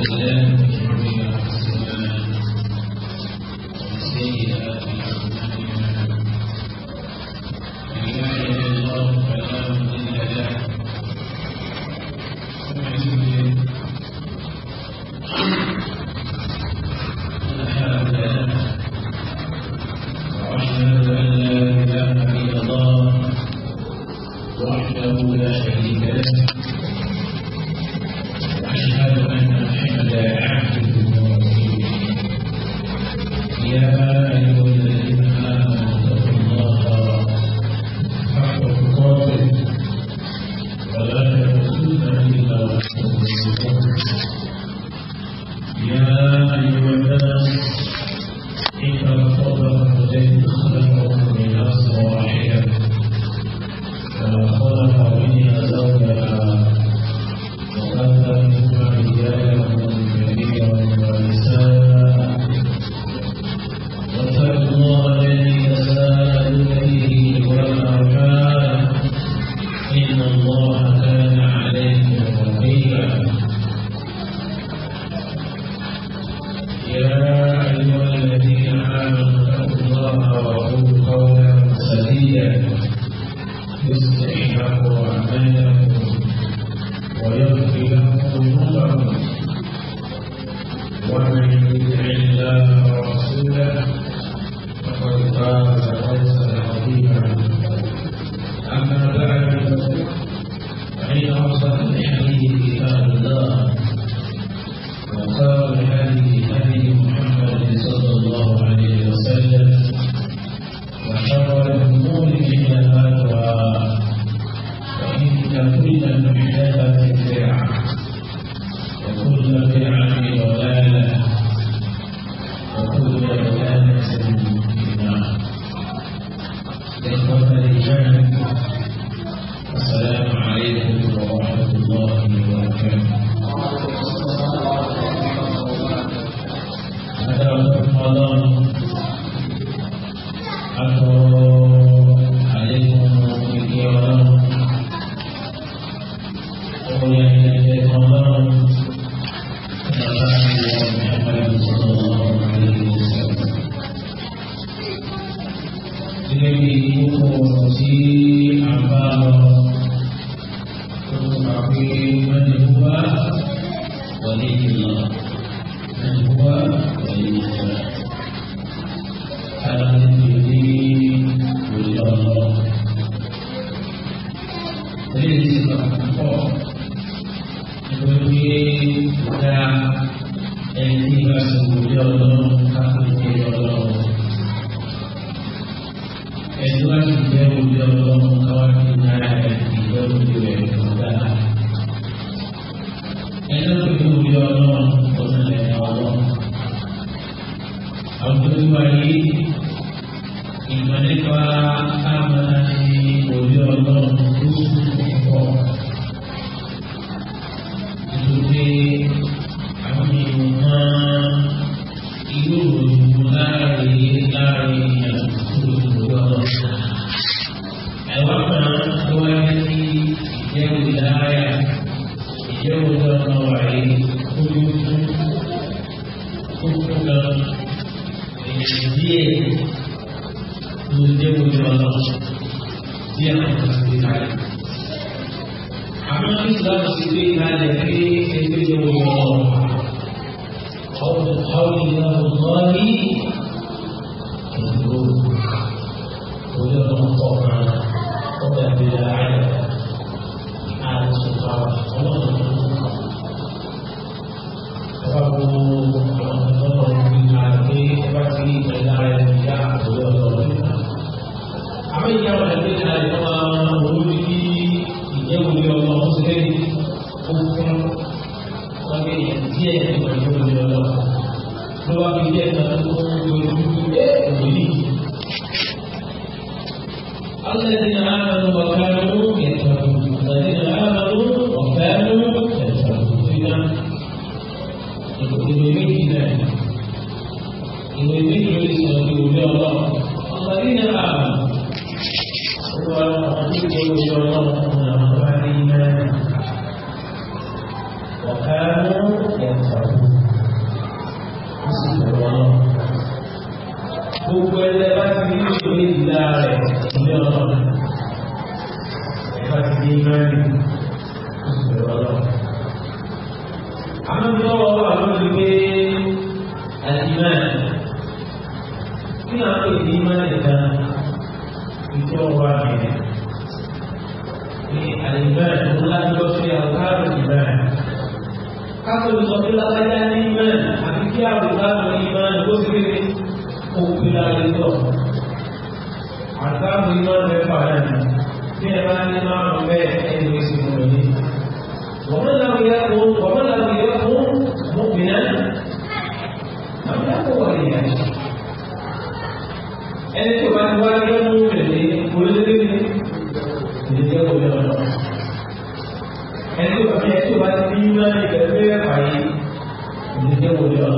وسلامه ẹni tí ìgbà sọ̀rọ̀ yọ ọlọ́run káfíńkì yọ ọlọ́run.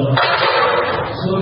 So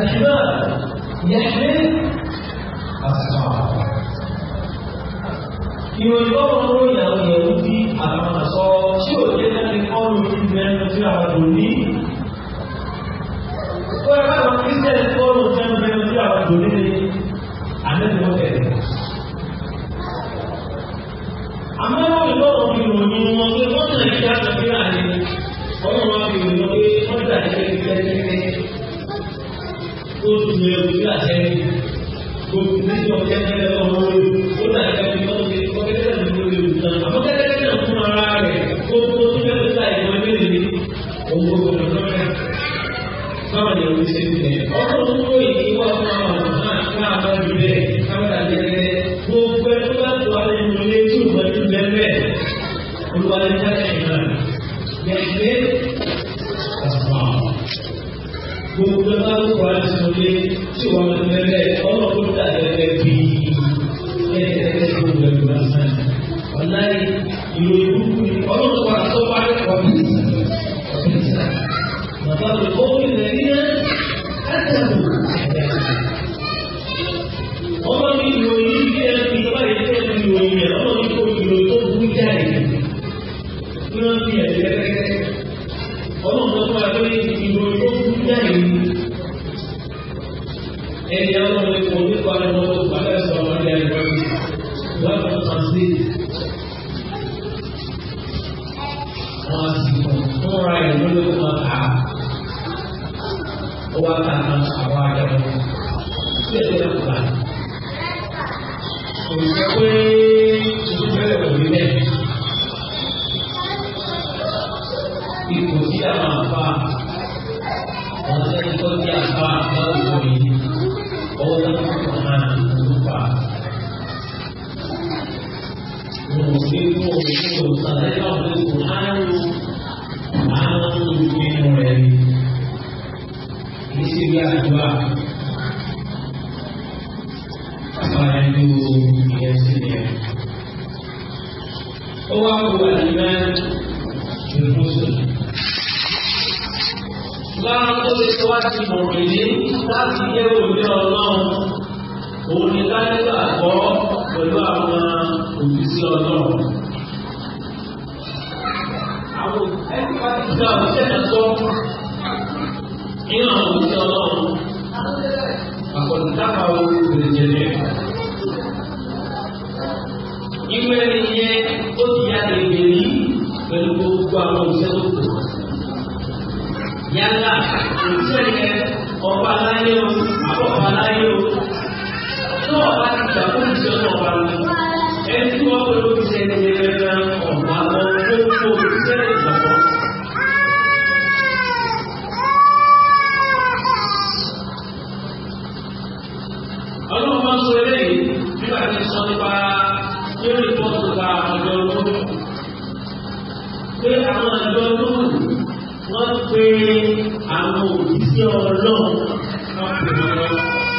الحمار يحمل السفارة ìròyìnbọ́n ló yà àwọn èèyàn bí àwọn àṣọ tí ò jẹ́ láti kọ́rù ìgbẹ̀rẹ̀ tí àwọn kò ní tó ẹ̀ká àwọn kírísẹ̀lẹ̀ kọ́rù ìgbẹ̀rẹ̀ tí àwọn kò ní ní àmẹ́lẹ́wọ̀kẹ̀ àmọ́ ìròyìnbọ́n fi ròyìn wọn pé wọ́n tẹ̀lé ìdájọ́ bí àárín ọmọ wọn fi ròyìn pé wọ́n tẹ̀lé ìdájọ́ tó tún lè ojú àtẹ́rí gbogbo nígbà tẹ́lẹ̀ lọ́wọ́ ó dàgbà bí yálà òtún ẹ̀yẹ ọba aláyé o àbọ̀ ọba aláyé o tó ọba ti gbà fún ìṣe ọ̀nà ọba lọ ẹni tí wọ́n pẹ̀lú ìṣe ẹni yẹn lọ ọ̀pọ̀ àwọn tó kó ìṣe ìgbàgbọ́. ọlọ́run máa ń sọ eléyìí nígbà tí ń sọ nípa yóò rí pọ́ọ̀tù bá àwọn ọ̀dọ́ ọdún pé àwọn ọ̀dọ́ ọdún pé àwọn òbí sí ọlọ́run.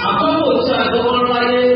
àkọ́kọ́ tí a gbọ́ wọ́n láyé.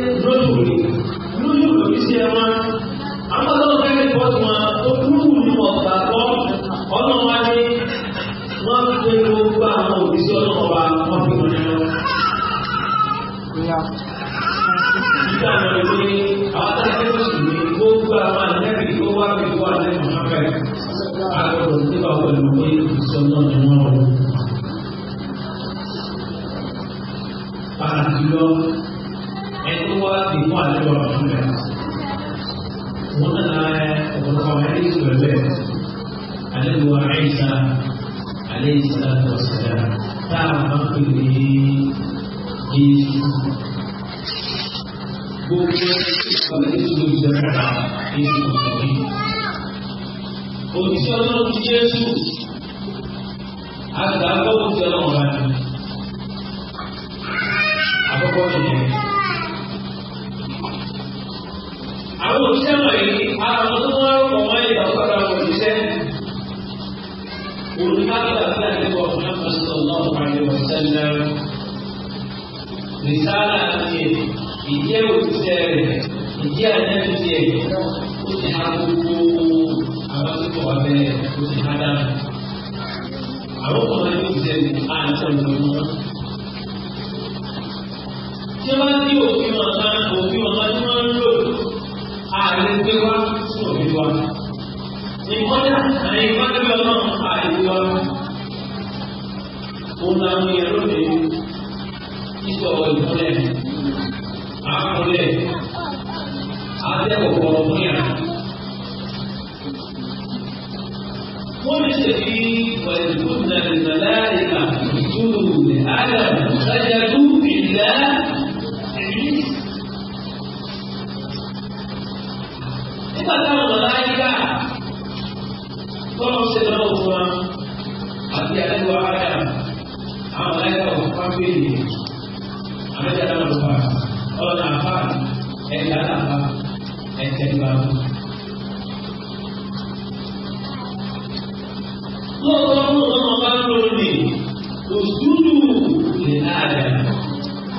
àdàlù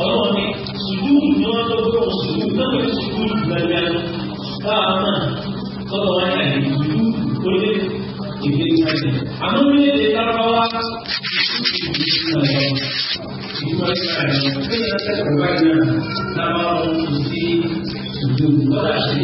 ọlọ́run ní sùdúù ní wọ́n tó gbọ́dọ̀ sùdúù náà lè sùdúù gbàgbà káà mà kọ́tọ̀ wáyé àyè sùdúù orílẹ̀ èdè ìgbàgbà. àmọ́ orílẹ̀ èdè saya. ìdúró ìgbàgbà ìdúró ìgbàgbà ìgbàgbà náà lábàá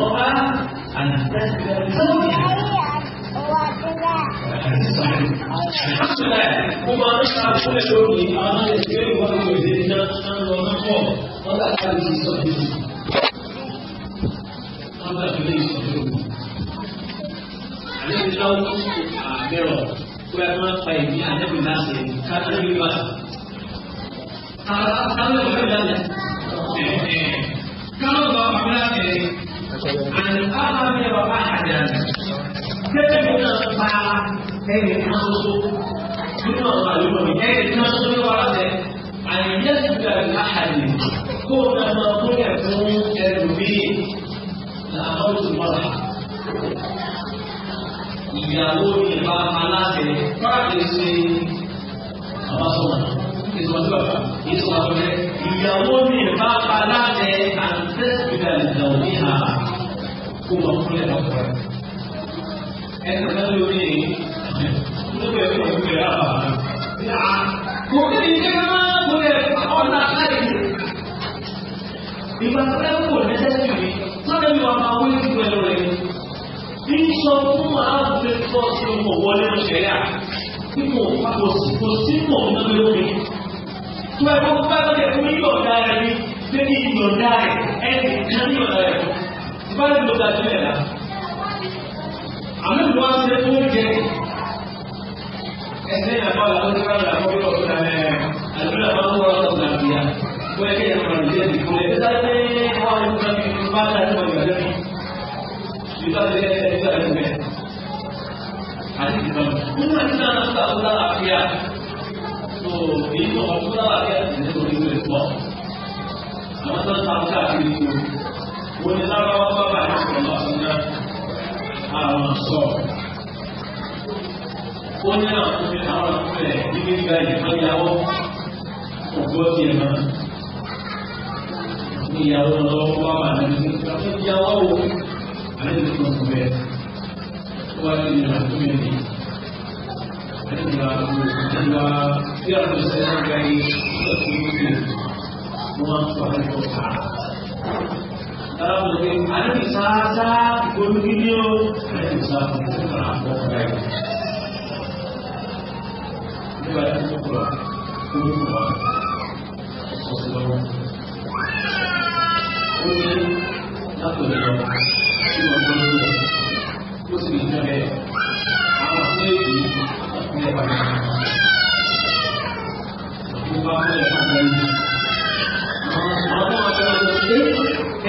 الله أن تسلم Alhamdulillah, mo máa ń ṣe àkọsílẹ̀ lórí àwọn ẹgbẹ́ ìwádìí òde ní náà ń lọ náà pọ̀ wọ́n bá ká lè sọ bí i. Wọ́n bá ìdílé ìsọ̀rọ̀ lórí. Àlejò náà wọ́n fún àmẹ́rọ̀ pé a máa fa ìdí àlẹ́bí láti kájọ́ nígbà. Káwọn bá wà láti àlùkámẹ́rọ àjà tẹ́lẹ̀ náà pa ẹnì kan ṣoṣo nínú àwọn àlùkò mi ẹnì kan ṣoṣo ní wàrà tẹ àyẹ̀yẹ́ sùgbà láàyè kó o náà máa kúnlẹ̀ fún ẹlòmíì làwọn oṣù mọ́ra ìyàwó ìbá aláṣẹ fáàkì ṣe àbáṣọmọ ìṣòwàṣọwà ìṣòwàṣọwà ìyàwó ìbá aláṣẹ àti tẹsílẹ ìdàgbé ha kó mọ fúnlẹ̀ lọ́kọ̀ rẹ̀. ẹnì kan lórí èyí ló bẹ̀ fún ìgbẹ́ àbá kò ní ìdílé máa ń gbé ọ̀nà láì ìgbà tó kò lẹ́sẹ̀ sí mi sọ́dọ̀ mi wà máa wí sí pẹ̀lú rẹ̀ bí n sọ fún màá fi tọ́ sí mo wọlé ṣẹ̀yà tí mo kò sí mọ̀ nínú lórí tó ẹ kó bá bẹ̀rẹ̀ fún yíyọ̀dá rẹ̀ ní débi yíyọ̀dá rẹ̀ ẹ̀ ní ìyọ̀dá rẹ̀ báyìí ló dájú ẹ̀ la àmì ìlú wa ṣe tó ń jẹ ẹsẹ̀ àbá la ló dára la lórí ọ̀rọ̀ la ẹ̀ àdúrà bá ń wọ́n ọ̀rọ̀ la bìyà wọ́n ẹ̀kẹ́ yẹn kọ́ ìdílé nìkan ẹ̀ bẹ́ẹ̀ dájú ẹ̀ wọ́n ẹ̀kọ́ ìdílé nìkan bá dájú ẹ̀ ìgbàlẹ́ mi ìgbà tẹ̀lé ẹ̀ ìgbà tẹ̀lé mi àti ìgbà mi. nínú àti náà náà tó dára àfíà tó èyí tó ọ̀ wọ́n ní lábáwá sábà ní sọ̀rọ̀ lásìkò àwọn sọ. ó ní àwọn tó fi àwọn ìpínlẹ̀ níbi gba ìfọ́yàwó ògbó ti ẹ̀ máa. ìyàwó lọ́wọ́ wá wà nínú ìyàwó wò àlejò tó kù bẹ́ẹ̀. ó wá ní ìlànà tó yẹ ní. Ìgbà ìgbà tí a lọ sí ẹgbẹ́ yìí, ó ti ń fi wọ́n á fọ́ ẹ̀kọ́ ká sára tó pé àdébì sáásá ìgbóni ní o àdébì sáásá ìgbóni àpọ̀ ọ̀gá ẹ̀ nígbà tí ó kọ̀ tó ní wà ọ̀sọ̀ sí lọ́wọ́ ó ní látọ̀lẹ̀ lọ sí ọgbọ́n lórí ó sì ní ìjọba àwọn àti èdè àti ẹ̀bà Thank you.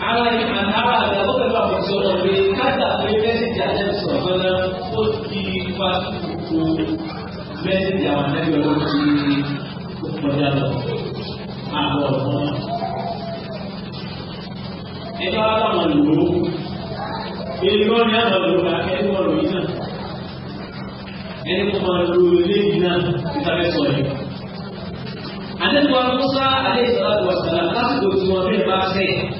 ara ara rẹ̀ ó pẹ̀lú àwọn ìṣòro ọ̀rọ̀ pé káàdà pé mẹ́sìtì àjẹsọ̀ gbọ́dọ̀ ó ti wá gbogbo mẹ́sìtì àwọn àjẹsọ̀ ọ̀rọ̀ ti kọjá lọ àbọ̀ ọ̀gbọ́n. ẹjọ́ aláwọ̀ lò ó èyí wọ́n ní àwọn olùkọ́ akẹ́kọ̀ọ́ ọ̀rọ̀ yìí náà ẹni tó máa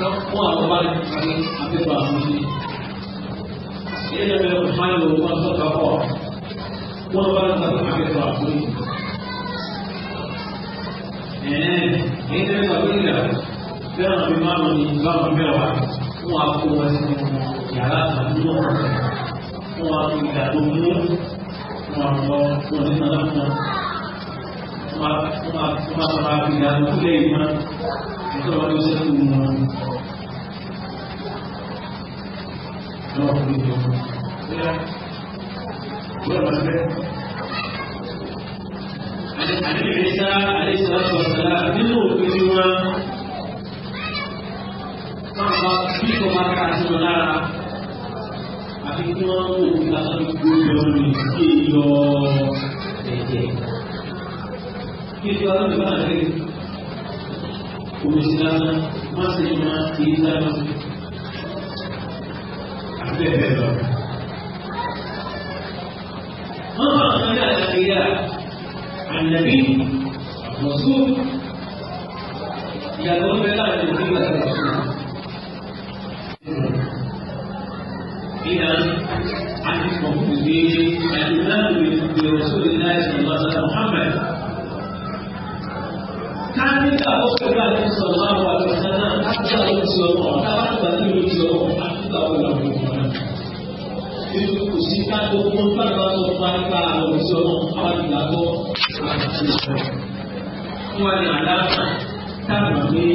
fún àwọn bá rẹ̀ kàní àbẹ̀bà àmì. Ilé ẹ̀rọ ìfáyà ló wọ́n tó ká pọ̀. Wọ́n bá rẹ̀ kàní àbẹ̀bà àmì. Ẹ̀ẹ́n ilé ẹ̀rọ ìgbà fẹ́ràn mi máa ń ní ìbámu mẹ́wàá fún àpò wọn sí yàrá àdúgbò rẹ̀. Fún àpò ìgbà tó mú fún àwọn ọmọ nínú aláǹfọ̀. Fún àpò ìgbà tó lé ìmọ̀ ìjọba ló ṣẹ́kù ní wọ́n fi jù Àdébìnrin Isa Àdéṣọ́sọ́ Ṣọlá nínú òfin tí wọ́n máa bá bí kò máa ká sí wọn lára àfi kí wọ́n mú òfin lásán gbogbo ọdún ìdíje yọ ẹ̀jẹ̀. Kí ni ọlọ́run bá ń rí? Òmìnira máa ń ṣe máa ń ṣe ìdáná sí àti bẹ́ẹ̀ bẹ́ẹ̀ lọ. wọ́n fà wọ́n dá àkàkíyà ànàbí mọ̀sùn ìyàtọ̀ ń bẹ láàrin òbí àti mọ̀sùn. إذا عهدكم بالإيمان برسول الله صلى الله عليه وسلم محمد كان من أبو بكر صلى الله عليه وسلم حتى يوم سيرة حتى بعد ما يوم سيرة láwùjọ nínú kò sí ká gbogbo nípa ìgbà tó fún wa nípa àwọn òṣìṣẹ́ ọmọ àwọn ìgbàgbọ́ àti ìṣọ́ fún wa ní àdáàbà táwọn gbé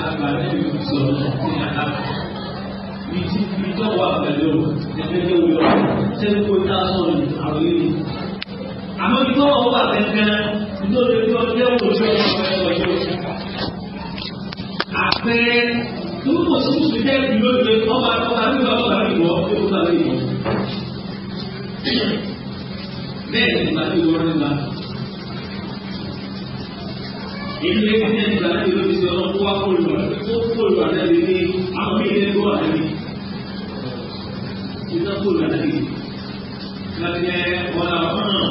àgbàdo ìṣọ́ ní àdáàbà ìdí ìjọba pẹ̀lú ẹgbẹ́ wíwọ́ sẹ́ni kó tá a sọ̀rọ̀ ní àwọn èèyàn. àmọ́ ìjọba wà gẹ́gẹ́ nítorí ọjọ́ ìjọba ìjọba ìjọba ìjọba àpẹẹrẹ. Nínú kò sí mùsùlùmí jẹ́ ìlú lóde ọba ọba nígbà ọba ìwọ ọba ìwọ. Bẹ́ẹ̀ ni ìgbà tí wọ́n rí wa. Ìlú ẹgbẹ́ ní ìgbà tí wọ́n ti sọ ọ́n kó wá kóòlù rẹ̀ kó kóòlù rẹ̀ lè ní àwọn ilé ẹgbẹ́ wà lẹ́yìn. Ìgbà kóòlù rẹ̀ lẹ́yìn. Ìgbà tí wọ́n lọ fún ọ̀nà.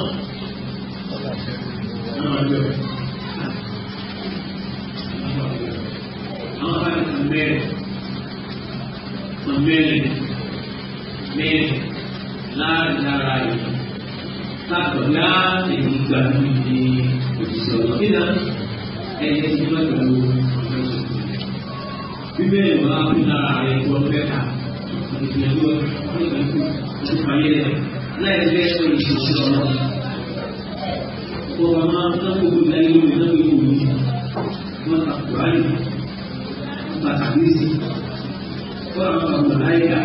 Ọ̀nà ọjọ́ rẹ̀. béèrè béèrè láàárín ìlú látọ̀ láti ìgbà níbi òṣìṣẹ́ ọ̀dọ́ nínà ẹni tí wọ́n pẹ̀lú ọ̀ṣọ́. Bíbélì máa ń lára rẹ̀ gbọ́ mẹ́ta ìgbìyànjú ọ̀ṣọ́ ìgbà yẹn láì bẹ́ẹ̀ tó ìṣòṣì ọ̀rọ̀. Ọba máa ń tán gbogbo ìdájọ́ ìdájọ́ ìwòye wọn kà kúrò àyè wọn kà kúrò berbahaya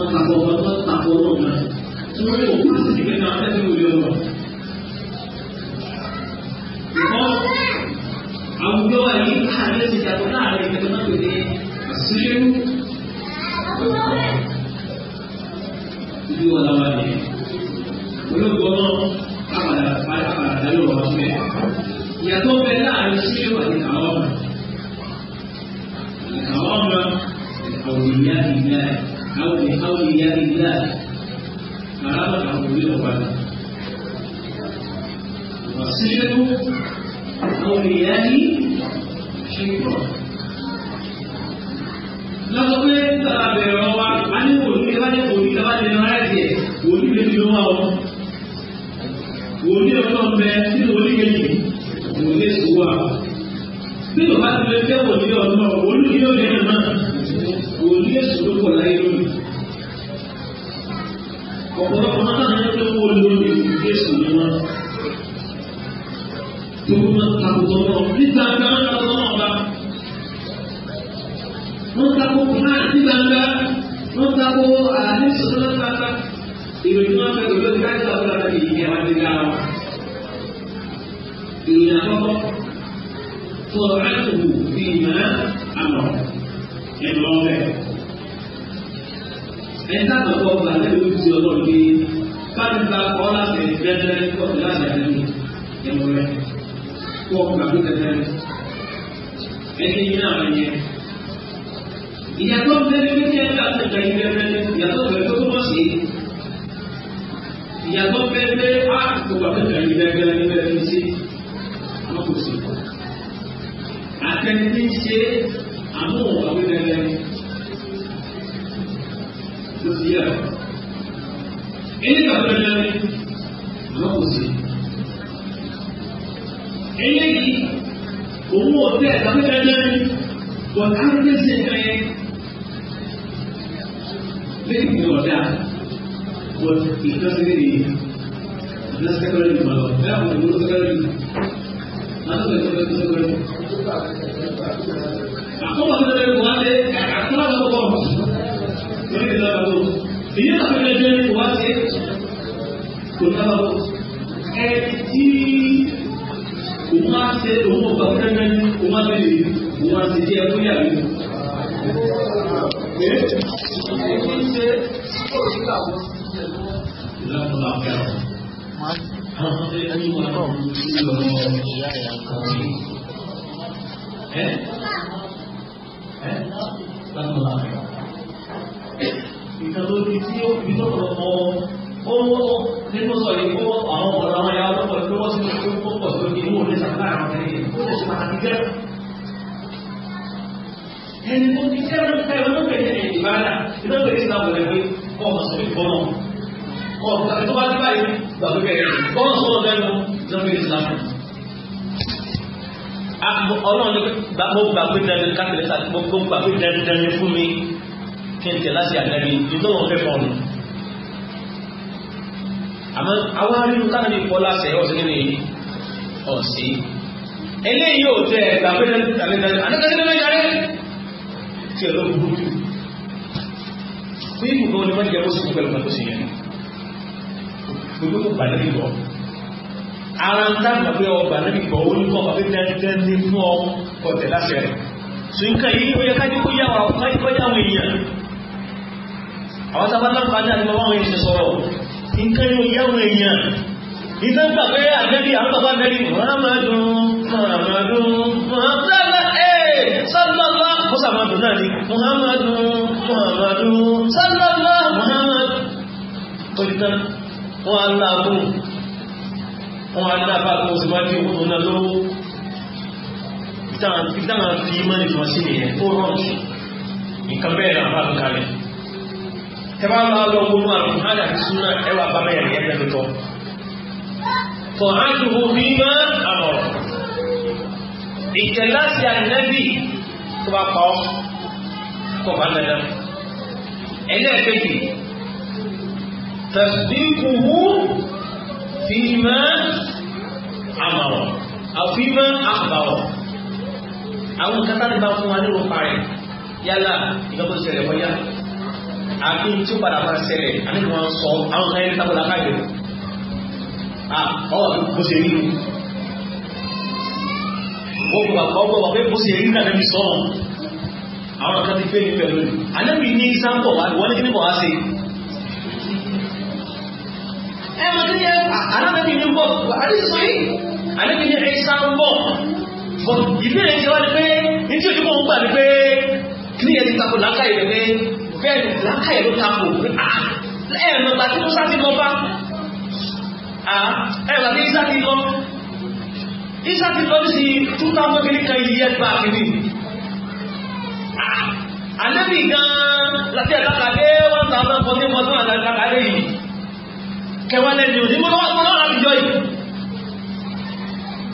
maka bahwa takwa Allah eh. semua itu masih dikenal oleh Allah eléyìí òun ò tẹ ẹ̀dáwó dandan bọ̀dá ń gbèsè nǹkan yẹn lẹ́yìn ní ọ̀dà bọ̀dá ìdásílẹ̀ yìí ìdásílẹ̀ sẹ́kọ̀rẹ́ yìí mọ̀ lọ bẹ́ẹ̀ àwọn ìwúlò sẹ́kọ̀rẹ́ yìí láti lè tọ́jú ẹ̀kọ́ sẹ́kọ̀rẹ́ yìí. àkọ́kọ́ sẹ́kọ̀rẹ́ yìí wọ́n á lé àkàtúrà lọ́kọ̀ lórí ìdílọ́gbàgbọ́ ìyẹn àfẹ́rẹ́ jẹ́ wọ́n á ṣe kò ní òun máa ṣe òun ò kẹ́kẹ́ òun máa bèèrè ṣe jẹ́ ẹkú yàrá ṣe kóòtù ìgbà wọn sí ẹ̀ tí ó fi tó lọ mọ́ ó nínú sọ̀rọ̀ ìkó àwọn ọ̀rọ̀ àwọn ìyá ọlọ́pọ̀ tí wọ́n sì ń kó pọ̀ sí omi owó lẹ́sà láàrin ọ̀rẹ́ yẹn ó lè ṣe pàtàkì jẹ́. ẹni tó ti jẹ́ ló ká ẹ̀rọ pẹ̀lú ẹ̀yìn ìbára ìdá pẹ̀lú ìdá wọlé pé kọ́ ọmọ sọ pé bọ́lọ̀ kọ́ ọmọ tó bá dé báyìí gbà tó bẹ̀rẹ̀ bọ́lọ̀ sọ lẹ́nu ìdá pẹ̀lú ìdá ọlọ́run mo gbà pé dandan kápẹ́lẹ́ sàti mo gbà pé dandan ni fún mi kí n tẹ̀ láti àgbẹ̀bí nítorí wọn fẹ́ fọ́ọ̀nù àmọ́ àwọn arínú káàdì pọ̀ láṣẹ ọ̀sẹ̀ nínú yìí ọ̀sí eléyìí ò tẹ ẹ̀gbà pẹ́lẹ́ tàbí anákẹ́lẹ́ náà yára tí ọ̀dọ́ burú jù pé ìbùkún ni wọ́n jẹ́ kó sí pẹ̀lú pẹ̀lú sí yẹn gbogbo kò bà níbi bọ̀ ara ń dáàbò pé ọgbà níbi bọ̀ ó ní kọ́ ọ̀pá pé dandan ní fún ọ kọ̀tẹ̀ láṣẹ rẹ̀ sùn nǹkan yìí ó yẹ ká dínkù yà wà kọ́ yà wọ èèyàn àwọn sábà náà bá dáa ní bàbá àwọn èèyàn sọ̀rọ̀ nǹkan yìí ó yà wọ èèyàn ìtàn gbà pé àjẹ́bí àwọn bàbá mẹ́rí mọ́hàmàdùn mọ́hàmàdùn mọ́hàmàdùn ẹ̀ sálọ́lá mọ́sàmàdùn náà ni mọ́hàmàdùn mọ́hàmàdùn sálọ́lá mọ́hàmàdùn tó ti tán wọ́n á láàbùn wọ́n á láàbà kó sì máa dé òun náà lówó ìtàn fi mọ́ni tí wọ́n sí nìyẹn tó rọ̀jù nǹkan bẹ́ẹ̀ náà bá kalẹ̀ ẹ bá lọ́wọ́ àrùn hádà sí ẹwà bá mẹ́rin ẹgbẹ́ طاعته فيما أمر ìtẹ̀láṣí ànábì tó bá pa ọ́ kọ́ bá dandan ẹlẹ́ẹ̀kejì tasdiquhu fima amara aw fima akhbara àwọn kátà ní bá fún wa nínú parẹ́ yálà ìgbàgbọ́ ìṣẹ̀lẹ̀ wọ́yá àbí tí ó padà máa ṣẹlẹ̀ àníkùn wọn sọ àwọn kan ẹni tábọ̀lá káyọ̀ Ah, ọ̀rọ̀ bó ṣe rí nù ọgbọ̀ wà pé bó ṣe rí náà lẹ́bi sọ́ọ̀ àwọn kan ti pé ní pẹ̀lú ànábì ní sáńpọ̀ wá wọ́n ní kí ní bọ̀ wá sí ẹ mọ̀ sí ní ànábì ní bọ̀ àdìsọ yìí ànábì ní ẹ̀sán bọ̀ bọ̀ ìbéèrè ti wá ni pé ní tí òjúmọ̀ ń gbà ni pé kí ni ẹ ti tako làákàyè rẹ̀ pé bẹ́ẹ̀ làákàyè ló tako ẹ̀ẹ̀mọ̀gbà tí mo sá ti lọ bá ẹ̀rọ ní isa ti lọ isa ti lọ sí two thousand kìíní kan yìí ẹgbà kìíní àlẹ́bí gan-an láti ẹ̀ka kàdé one thousand fourteen fourteen àti ẹ̀ka kàdé yìí kẹwàá lẹ́nu òní mo lọ́wọ́ mo lọ́wọ́ àbíjọ yìí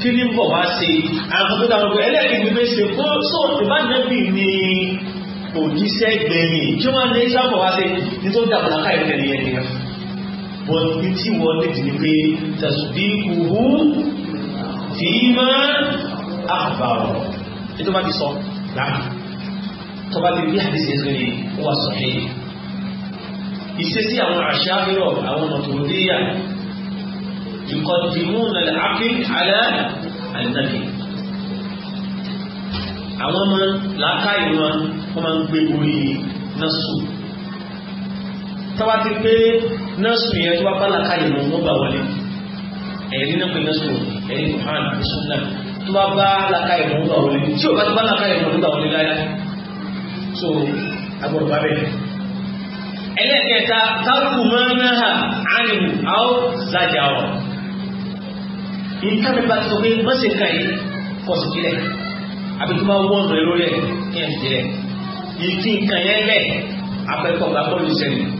kí ni bọ̀ wá sí àwọn tó dára pé ẹlẹ́yìn gbígbé ṣe kó sóòtù bá nẹ́bì ni òjíṣẹ́ gbẹ̀yìn tí wọ́n ní sábọ̀ wá sí ní tó dàbọ̀ láká ìrìnlẹ̀ nìyẹn nìyẹn bọ́n ní tí wọ́n lè dì ní pé tasdiquhu fima akhbara ní tó bá ti sọ láàrín tó bá ti rí àdìsí ẹsẹ̀ ní ó wà sọ hẹ́yìn ìṣesí àwọn àṣà rírọ̀ àwọn mọ̀tòmọ́déyà yuqaddimuna al-aql ala an-naql àwọn ọmọ làákàyè wọn wọ́n máa ń gbé orí náà sùn tọ́wá ti pé nọ́ọ̀sù yẹn tó bá bá làkàyè mọ̀ wọ́n gbà wọlé ẹ̀rí náà pé nọ́ọ̀sù ẹ̀rí Quran bisunna tó bá bá làkàyè mọ̀ wọ́n gbà wọlé tí o bá ti bá làkàyè mọ̀ wọ́n gbà wọlé láyà so agbọ̀dọ̀ bá bẹ̀rẹ̀ ẹlẹ́kẹta tákù mọ́náhà ánìmù áó lájà ọ̀ nǹkan mi bá ti sọ pé mọ́sẹ̀ kan yìí kọ̀ sí tilẹ̀ àbí tó bá wọ́n rẹ̀ lórí ẹ̀ kí ẹ̀ sí tilẹ̀ ìdí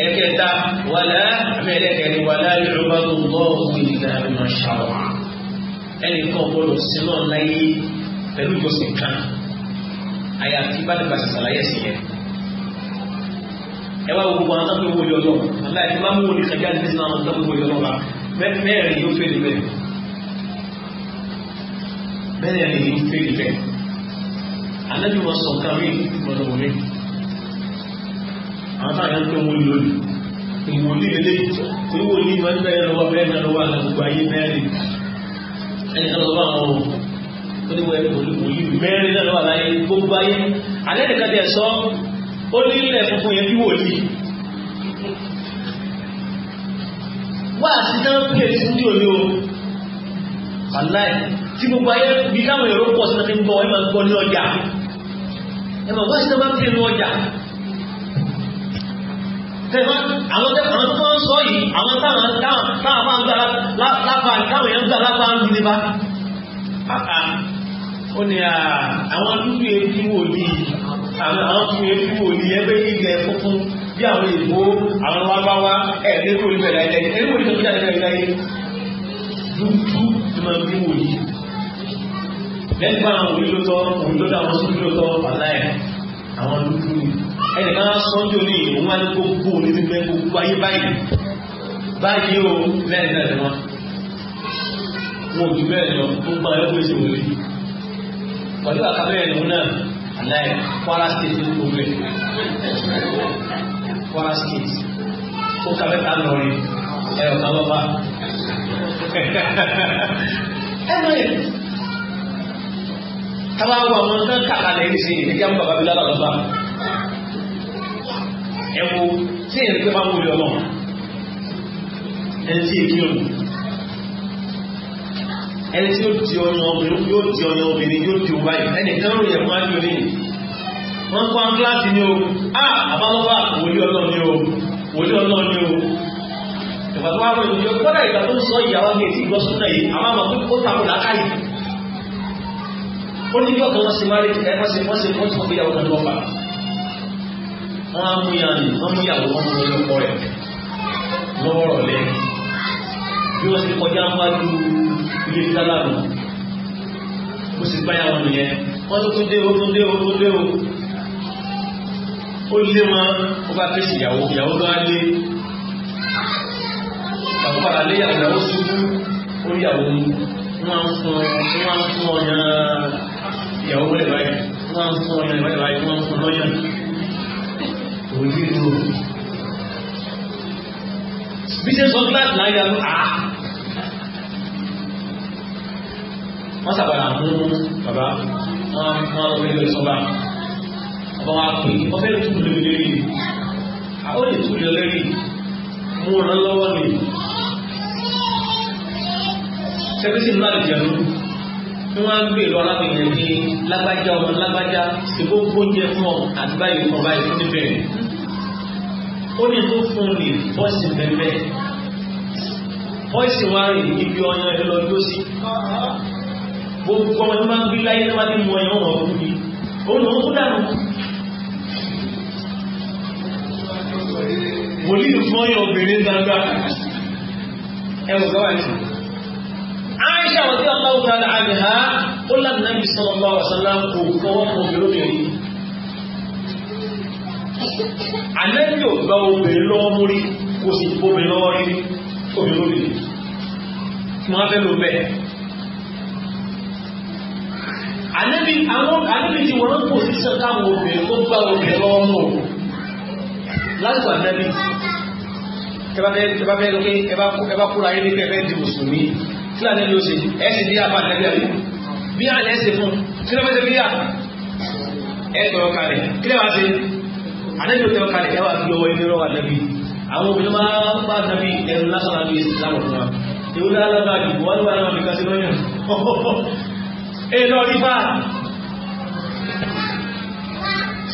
ẹ̀kẹta wàlá mẹ́lẹ́kẹ̀ẹ́ni wàlá yorùbá tó gbọ́ òfin ìlànà ìmọ̀ ṣàwà ẹnì kan gbọ́dọ̀ sí náà láyé pẹ̀lú ìgbọ̀nsẹ̀ kan àyàfi bá dàgbà ṣàlàyé sí yẹn ẹ wá gbogbo àwọn tó wọlé ọlọ́run aláìsí máa mú òní sàgbà ní sinamọ tó wọlé ọlọ́run mẹ́rin yóò fẹ́ níbẹ̀ mẹ́rin yóò fẹ́ níbẹ̀ anábìwọ̀n sọ̀kan mi gbọ́dọ̀ wọlé àwọn táwọn yẹn tó ń wọlé lónìí ìwòlí eléyìí tí wòlí máa ń bẹ́ẹ̀ lọ́wọ́ bẹ́ẹ̀ náà lọ́wọ́ àgbàgbà ayé mẹ́rin ẹni kan lọ́wọ́ àwọn ó ní wọ́n wòlí mẹ́rin náà lọ́wọ́ àlàyé gbogbo ayé alẹ́ nìkan tẹ̀ sọ ó ní ilẹ̀ funfun yẹn bí wòlí. wá àti náà ń tẹ̀wá àwọn tẹ̀wá tó máa ń sọ yìí àwọn táwọn táwọn táwọn máa ń gbà lápá táwọn èèyàn gbà lápá ń dúdé bá. ó ní àwọn dúdú èéfín wò ní àwọn dúdú èéfín wò ní ẹgbẹ́ ilẹ̀ funfun bí àwọn èèbó àwọn wáwáwá ẹ̀ lẹ́kọ̀ọ́ ìbẹ̀ láyé ẹ̀ lẹ́kọ̀ọ́ ìbẹ̀ láyé láyé dúdú ti máa ń bí wò yìí. lẹ́gbàá àwọn òyìnbó tọ́ òyìnbó tọ́ àwọn sójú tọ́ àláyà àwọn dúdú yìí ẹnìkan sọ́njú ní òun wá ní gbogbo ní gbígbẹ́ gbogbo ayé báyìí báyìí o lẹ́yìn náà ni wọ́n wọn ò jù bẹ́ẹ̀ lọ gbogbo ayé kò ṣe wọlé pẹ̀lú àkàbẹ́yẹ̀ lòun náà aláì Kwara State ní gbogbo ẹ̀ Kwara State ó kàbẹ́ ká lọrin ẹ̀rọ kan lọ́ba ẹ̀rọ tábà wọ àwọn nǹkan kàkà lẹ́yìn sí ìdíjà ń bàbá bí lọ́ba lọ́ba ẹ̀wò tí èyí tó bá wúlò ọlọ́run ẹni tí èyí yóò ẹni tí yóò di ọyàn obìnrin yóò di ọyàn obìnrin yóò di òun báyìí ẹni kan rò yẹ fún ájú ní wọn kọ́ kíláàsì ni o a àbálọ́wà wòlí ọlọ́run ni o wòlí ọlọ́run ni o ìgbà tó wà lóyún ni ìgbà tó ń sọ ìyàwó ní etí ìgbọ́sùn náà yìí àwọn àmọ́ pé ó takò lákàyè ó ní bí ọ̀kan wọn ṣe máa rí ẹ̀fọ́ ṣe wọ́n ṣe wọ́n ti kọ́ wọ́n á mú yàn ní wọ́n mú ìyàwó wọn mú ọlọ́kọ rẹ̀ lọ́rọ̀ lẹ́ bí wọ́n ti kọjá ń wájú ilé sálàmù ó sì bá yàwọn nìyẹn wọ́n tó tún dé o tún dé o tún dé o ó lé wọn ó bá fèsì ìyàwó ìyàwó ló á lé bàbá padà lé ìyàwó ìyàwó ṣubú ó yàwó wọn á fún wọn á fún ọyàn ìyàwó rẹ̀ báyìí wọn á fún ọyàn ìwádìí báyìí wọn á fún lọ́yàn òye ló bí ṣe sọ gíláàsì láyé ẹnu à wọ́n sàbàrà mú bàbá wọn wọn lọ wọlé sọba ọba wa pè é ọbẹ̀ tún lè lérí àwọn lè tún lè lérí mú ọ̀nà lọ́wọ́ ni sẹ́kẹ́sì ńlá lè jẹun tí wọ́n á gbé lọ arábìnrin ní lágbájá ọmọ lágbájá ìbò gbóúnjẹ fún ọ àti báyìí fún ọ báyìí fún níbẹ̀rẹ̀. ó ní tó fún un lè bọ́ọ̀sì bẹ̀rẹ̀ bọ́ọ̀sì wa rìn níbi ọyàn ẹ lọ dúró sí. gbogbo ọmọ tó máa ń gbé láyé tó máa ti mọ ẹ̀yàn ọ̀rọ̀ fún ó lọ kú dànù. wòlíì fún ọyàn obìnrin dáadáa ẹ wò gáwà yìí. Aisha rọ̀dí ọlọ́wọ́ tààlà àbẹ̀há ó lànà bí sọ́lọ́lọ́ ọ̀sánlá kò fọwọ́ fún obìnrin. Àlẹ́bí ò gba obìnrin lọ́wọ́ mú rí kò sì obìnrin lọ́wọ́ rí obìnrin obìnrin. Mo máa fẹ́ lo bẹ́ẹ̀. Àlẹ́bí àwọn àlẹ́bí ti wọ́n kò sí sọ́kà obìnrin ó gba obìnrin lọ́wọ́ mú o. Lásìkò àlẹ́bí. Ẹ bá fẹ́ lókè ẹ bá kúra yín ní pẹ́ fẹ́ di mùsùlùmí kí lóò nẹ́bí ó ṣe ẹ̀sìn bí àpá nẹ́bí àbí bí àná ẹ̀sìn fún kí lóò fẹ́ bí à ẹ̀tọ̀ ọ̀kalẹ̀ kí lóò wá ṣe àdébí òtẹ́ ọ̀kalẹ̀ ẹ̀wà fi ọwọ́ ibi rọ́wà nẹ́bí àwọn obìnrin máa ń bá nẹ́bí ẹ̀rù lásán àbí èsì láwọn fún wa èwo lálábà jù wọ́n ló wà náà nìkan sí lọ́yàn ẹ̀ lọ rí bá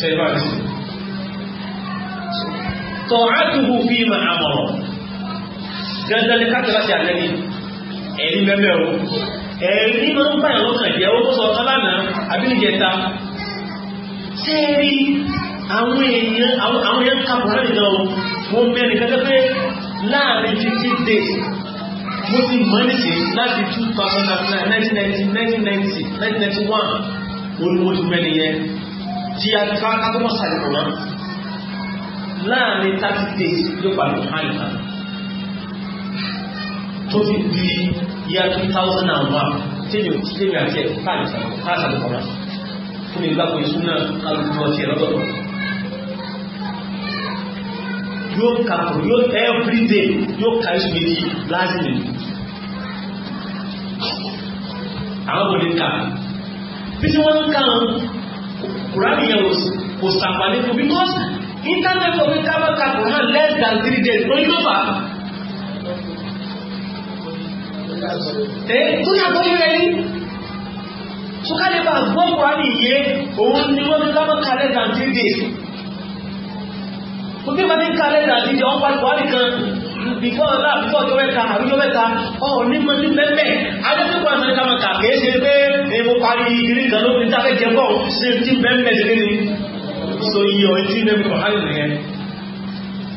sẹ́fàsì tọ̀ àtùkù fíìmù àmọ̀ràn dandan ní káàkiri àti àlẹ́ ẹ̀rí mẹ́mẹ́ o ẹ̀rí máa ń bá ẹ̀rọ kan jẹ́ ó sọ ọ̀tá lánàá abíníjẹta ṣé ẹ rí àwọn èèyàn àwọn èèyàn kàbọ̀rọ̀ nìkan o wọ́n mẹ́rin kẹ́kẹ́ pé láàrin fifty days mo ti mọ̀ níṣe láti two thousand and nine nineteen ninety nineteen ninety nineteen ninety one olùwọ́n ti mẹ́rin yẹn tí a ká kákọ́mọ́ sàlẹ̀ mọ́ láàrin thirty days ló pàdé hàn náà tó fi di yá 2001 tí mi ò tí lémi àti ẹ̀ káàkiri kọ̀ọ̀rọ̀ fún mi gbàgbé súnà alùpùpù ọtí ẹ̀rọ̀dọ̀dọ̀ yóò ka kò yóò every day yóò ka iṣu méjì lásìmì àwọn kò lè ka bí tí wọ́n ń ka kùránì yẹn kò sàpàdé fún because internet of it ká bá ka less than three days lórí ló fà á tó yàtọ̀ yìí rẹ̀ yìí tó kálẹ̀ bá gbọ́ kùránì yé òun ni wọ́n ní kámọ́ kálẹ̀ dàntí dè kò tí wọ́n ní kálẹ̀ dàntí dè wọ́n pa kùránì kan bíkọ́ ọ̀la bíkọ́ ọjọ́ mẹ́ta àbíjọ́ mẹ́ta ọ̀ọ́ni mo ní mẹ́mẹ́ adébíkọ́ àti kámọ́ kà kìí ṣe pé ní mo parí ìgbìrì kan ló fi ń tàbí jẹ bọ́ọ̀ ṣe ti mẹ́mẹ́ ṣe ní so iye ọ̀ ti mẹ́mẹ́ kùránì nìyẹn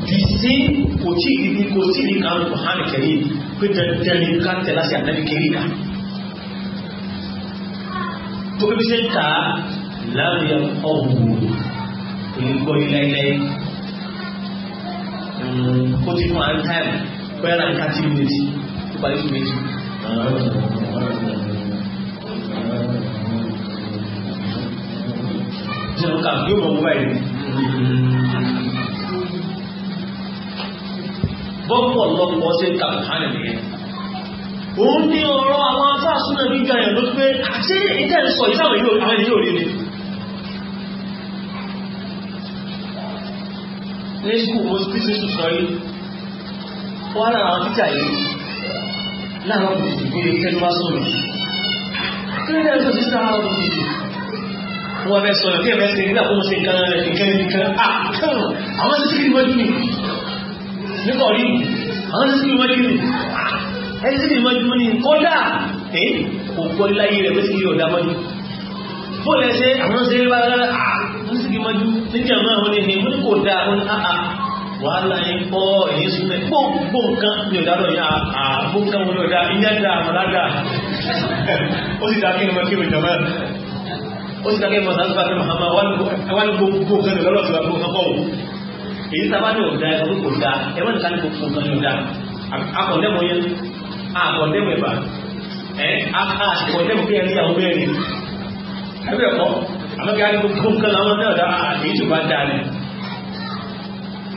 bìsí kò tí ì pé dandan ni ká tẹ̀ láti ànábì kiri kan tó bí ṣe ń ta láwùjọ ọ̀hún kò ní gbọ́ yín láíláí kó ti fún àwọn táìmù bẹ́ẹ̀ ti méjì tó bá yín méjì. Jẹ́ bí ó mọ̀ mú báyìí bọ́pọ̀lọpọ̀ ṣe kàbùkánì òun ní ọ̀rọ̀ àwọn afáàsúnà gbígbà yẹn ló pé àti ìdẹ́ sọ ìsáwọn ìlú àwọn ènìyàn òní ni ní skul mo ti ṣe wọ́n lára àwọn títà yìí lára àwọn òṣìṣẹ́ ìgbélé tẹ́lú wá sọ̀rọ̀ kí ló dé sí sára àwọn òṣìṣẹ́ wọ́n fẹ́ sọ̀rọ̀ kí ẹ̀fẹ́ nípa orí àwọn tí sì mọ́jú ní ẹni sì mọ́jú ní kọ́dà ẹ̀ kò gbọ́ láyé rẹ̀ pé sì kí ọ̀dà mọ́jú bó lẹ ṣe àwọn ṣe bá rárá àwọn sì kí mọ́jú níjà máa wọn ni mo ní kò dá àwọn àà wàhálà yín pọ̀ èyí súnmẹ́ gbogbo nǹkan ní ọ̀dà lọ yá àgbó nǹkan wọn ní ọ̀dà èyí sábà ní ọ̀dà ẹ̀rọ kò dáa ẹ̀rọ nìkan ní kò fún kan ní ọ̀dà akọ̀ndẹ́mọ̀ yẹn akọ̀ndẹ́mọ̀ ẹ̀bà ẹ̀ akọ̀ndẹ́mọ̀ kí ẹ ní àwọn bẹ́ẹ̀ ni ẹ̀bẹ̀ kọ́ àmọ́kí àti gbogbo nǹkan làwọn náà dá èyí tó bá dáa ni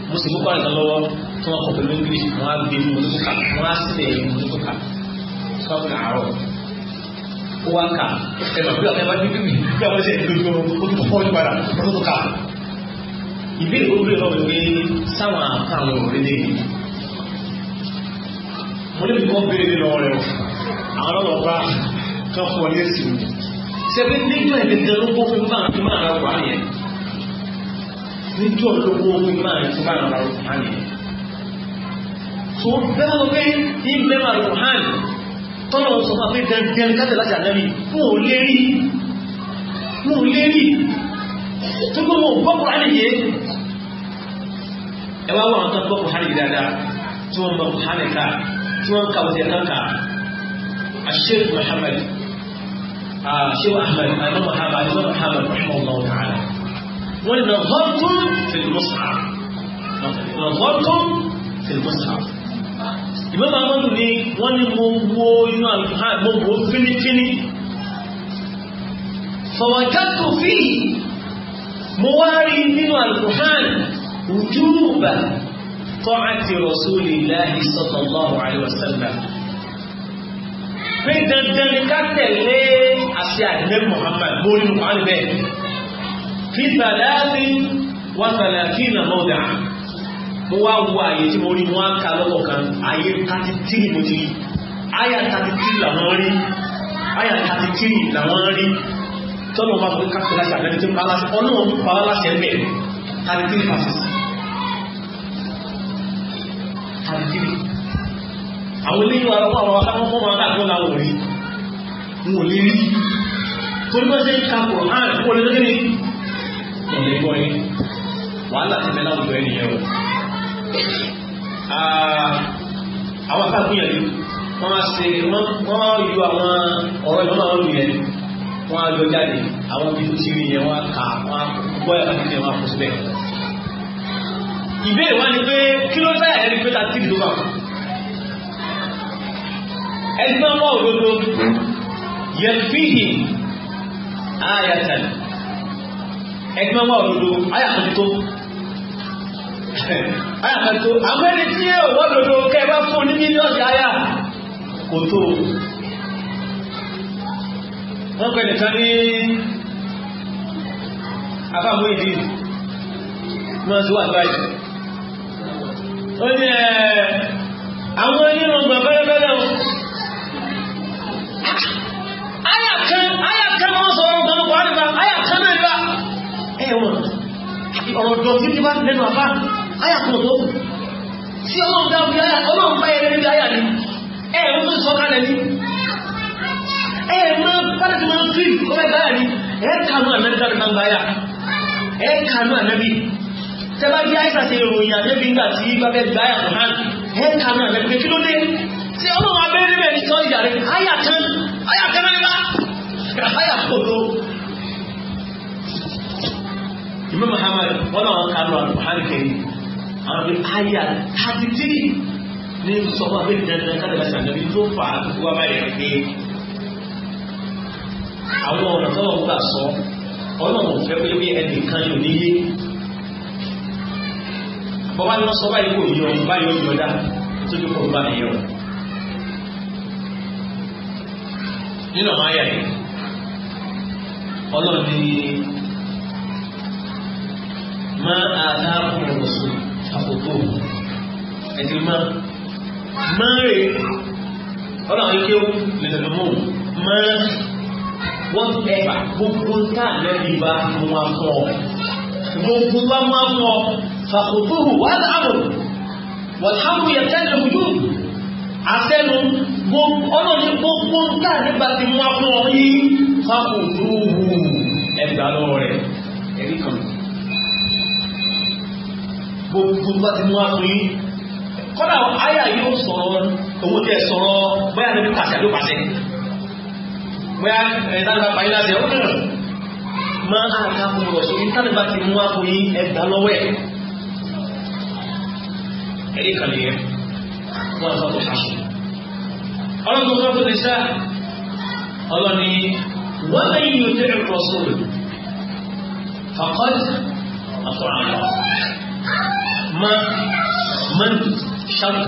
mo sì mọ́kọ́ àìsàn lọ́wọ́ tí wọ́n kọ̀ pẹ̀lú english wọ́n á gbé mo lóko ká wọ́n á sẹ̀ mo lóko ká sọ́ọ̀kì àárọ̀ ó wá ká ẹ̀ ìbéèrè ó bèèrè lọ́wọ́ pé sáwọn àká àwọn òrèlè ni mo lè kọ́ bèèrè lọ́wọ́ rẹ̀ àwọn ọlọ́pàá kan fọ lẹ́sìn sẹ́fẹ́ nígbà ìdẹ́dẹ́ ló kó fún máa fi máa ra wà yẹn níjọ́ ló kó fún máa fi máa ra wà yẹn tó bẹ́ẹ̀ lọ pé ní mẹ́wàá rẹ̀ wà yẹn tọ́lọ̀ sọ fún afẹ́ dẹ́ndẹ́n kájẹ̀ láti àlẹ́ mi fún òlérí fún òlérí tó gbé wọn gbọ́kùn hàn yìí ẹ wá wọn kan gbọ́kùn hàn yìí dáadáa tí wọ́n gbọ́kùn hàn yìí ká tí wọ́n kà wọ́n ti ẹ̀ka ká Sheikh Muhammad Sheikh Ahmad alimami Muhammad alimami Muhammad rahimahullah ta'ala wọ́n ní nazartum fil mushaf nazartum fil mushaf ìmọ̀mọ̀ amọ́dù ni wọ́n ní mo wo inú àlùfáà mo wo fínífíní fọwọ́já tó fi mo wá rí nínú alukuhan ojúlùbà tọ́hátì rasulillahi sallallahu alaihi wasallam pé dandan ni ká tẹ̀lé àṣẹ àdìlẹ́ muhammad mo rí nǹkan bẹ́ẹ̀ fi sàlẹ́sì wà sàlẹ́sì nà mọ́dà mo wá wo àyè tí mo rí mo wá ka lọ́wọ́ kan àyè kátí tírì mo ti rí àyà kátí tírì làwọn rí àyà kátí tírì làwọn rí tọ́lọ̀ máa fi kápẹ́ láti àbẹ́ni tí ń paláṣẹ ọlọ́run pàwọ́ láti ẹ̀mẹ́ thirty three verses thirty three àwọn eléyìí wà lọ́wọ́ àwọn akáwọn fọ́ọ̀mù adájọ́ làwọn ò rí wọn ò lè rí torí bá ṣe ń ka kò hàn kó lè rí ọ̀lẹ́ gbọ́ yìí wàhálà ti mẹ́lá òjò ẹnìyẹn o àwọn akáwọn gbìyànjú wọ́n á ṣe wọ́n á yọ àwọn ọ̀rọ̀ ìlọ́nà ọ̀rọ̀ yẹn wọ́n á lọ jáde àwọn ibi tó ti rí yẹn wọ́n á kà wọ́n á gbọ́ ẹ̀ láti fi wọ́n á kó síbẹ̀. ìbéèrè wọn ni pé kí ló sáyà ẹni pé láti tìrì tó bá wọn. ẹni tó ń mọ òdodo yẹn fíhì ayatan ẹni tó ń mọ òdodo ayàtọ̀ tó ayàtọ̀ tó àwọn ẹni tí yẹ òwò òdodo kẹ ẹ bá fún ní mílíọ̀nù ayà kò tó o. wọ́n pẹ̀ nìkan ní àbáwọ̀ ìdí náà tí wà báyìí ó ní àwọn gbọ̀n bẹ́rẹ̀bẹ́rẹ̀ o ayàkan ayàkan ọmọ ọmọ buhari bá náà bá ẹ̀wọ̀n ọ̀rọ̀ dọ̀tí tí bá lẹ́nu àbá ayàkan tó tí ọlọ́run dábí ayà ọlọ́run bá yẹrẹ níbi ayà ni ẹ̀wọ̀n tó sọ kalẹ̀ ní ẹ máa bára ti máa ń fíìmù kọ́ bẹ́ẹ̀ báyà ni ẹ kànú ànábì láti máa ń báyà ẹ kànú ànábì tẹ́lá bí àìsà ṣe ìròyìn ànábì ńgbà tí bábẹ́ gbáyà kò hàn ẹ kànú ànábì pé kí ló dé tí ọlọ́run abẹ́rẹ́ bẹ́ẹ̀ ní sọ ìyá rẹ̀ àyà kan àyà kan bá àyà kòtò. Imam Muhammad wọn náà wọn kànú àlùkùránì kẹrin àwọn bíi àyà thirty three ní sọ́kọ́ àbẹ́rẹ́ dandan káàdì bá ṣàǹdàbí tó fà á kó àwọn ọ̀nà tó lọ́wọ́ gbà sọ ọlọ́run fẹ́ pé bí kan yóò níyé bọ́bá ní wọ́n sọ báyìí kò yọ báyìí ó yọdá tó dúpọ̀ bá mi nínú àwọn yìí ọlọ́run ní máa àkókò máa máa rè ọlọ́run kí ó lè tẹ̀lé mọ́ máa. whatever gbogbo tá ànábì bá mú wa fún ọ gbogbo bá mú wa fún ọ fàkótóhù wà láàrò wàlámù yẹtẹ́lẹ̀ ojú àtẹnu ọlọ́ọ̀ni gbogbo tá ànábà ti mú wa fún ọ yìí fàkótóhù ẹgbàá lọ́wọ́ rẹ̀ ẹ̀rí kan gbogbo bá ti mú wa fún yìí kọ́dà ayé yóò sọ̀rọ̀ owó tẹ̀ sọ̀rọ̀ báyà ló ti pàṣẹ ló pàṣẹ bóyá ẹ̀dáta eh, pàyí láti ẹ̀ ọ̀rọ̀ máa ń ká fún ọ̀rọ̀ sórí tánàbà ti mú wá fún yín ẹ̀dá lọ́wọ́ ẹ̀ ẹ̀rí kan lè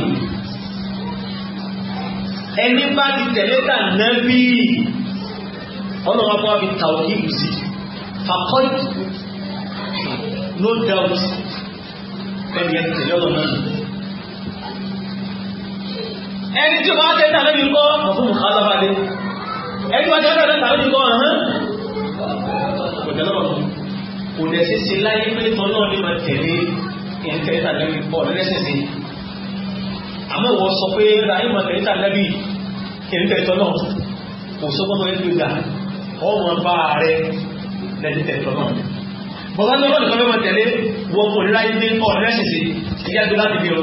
yẹ ẹni bá ti tẹ̀lé tà náà bíi ọlọ́run apá fi tàwọn ìlú sí fàkọ́ìtì no doubt ẹni ẹni tẹ̀lé ọlọ́run náà ẹni tí wọ́n tẹ́tà lẹ́bi ń kọ́ ọ̀fún alábàdé ẹni wọ́n tẹ́tà lẹ́tà lẹ́bi ń kọ́ ọ̀hán kò tẹ́lẹ̀ wọ́n kò dẹ̀ sí sí láyé pé tọ́lọ́ ní ma tẹ̀lé ẹni tẹ́tà lẹ́bi pọ̀ lẹ́sẹ̀sẹ̀ àmọ́ wọ́n sọ pé ẹni tẹ́tà lẹ́bi ẹni tẹ́tà lọ́ kò sọ́kọ́ tó ẹni tó dà ọmọ bá rẹ lẹ́ni tẹ̀tọ̀ náà bọ̀dá ní ọlọ́dún kan mẹ́wọ́n tẹ̀lé wọ́n kò nílá ilé ọ̀ lẹ́sìsì ìyá tó láti bí o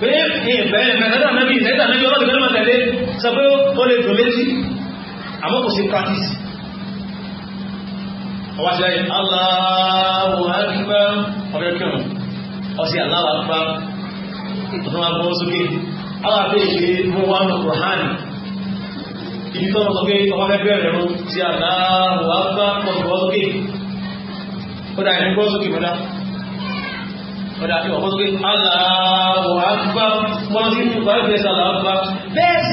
pé ìbẹ̀rẹ̀ mẹ́tẹ́tà nábì ìtẹ́tà nábì ọlọ́dún kan mẹ́wọ́n tẹ̀lé sọ pé ó lè dùn létí àmọ́ kò sí practice ọwọ́ sí ayé Allahu Akbar ọ̀rẹ́ kírun ọ̀sẹ̀ Allahu Akbar ìtọ́nà agbọ́n sókè alábẹ́ ìṣe ibi tó lọ pé ọmọ fẹ́ bẹ̀rẹ̀ rún sí aláàbò àbá pọ̀tùwọ́ sókè ó dà ní gbọ́ sókè mọ́dá ó dà ní ọ̀pọ̀ sókè aláàbò àbá wọ́n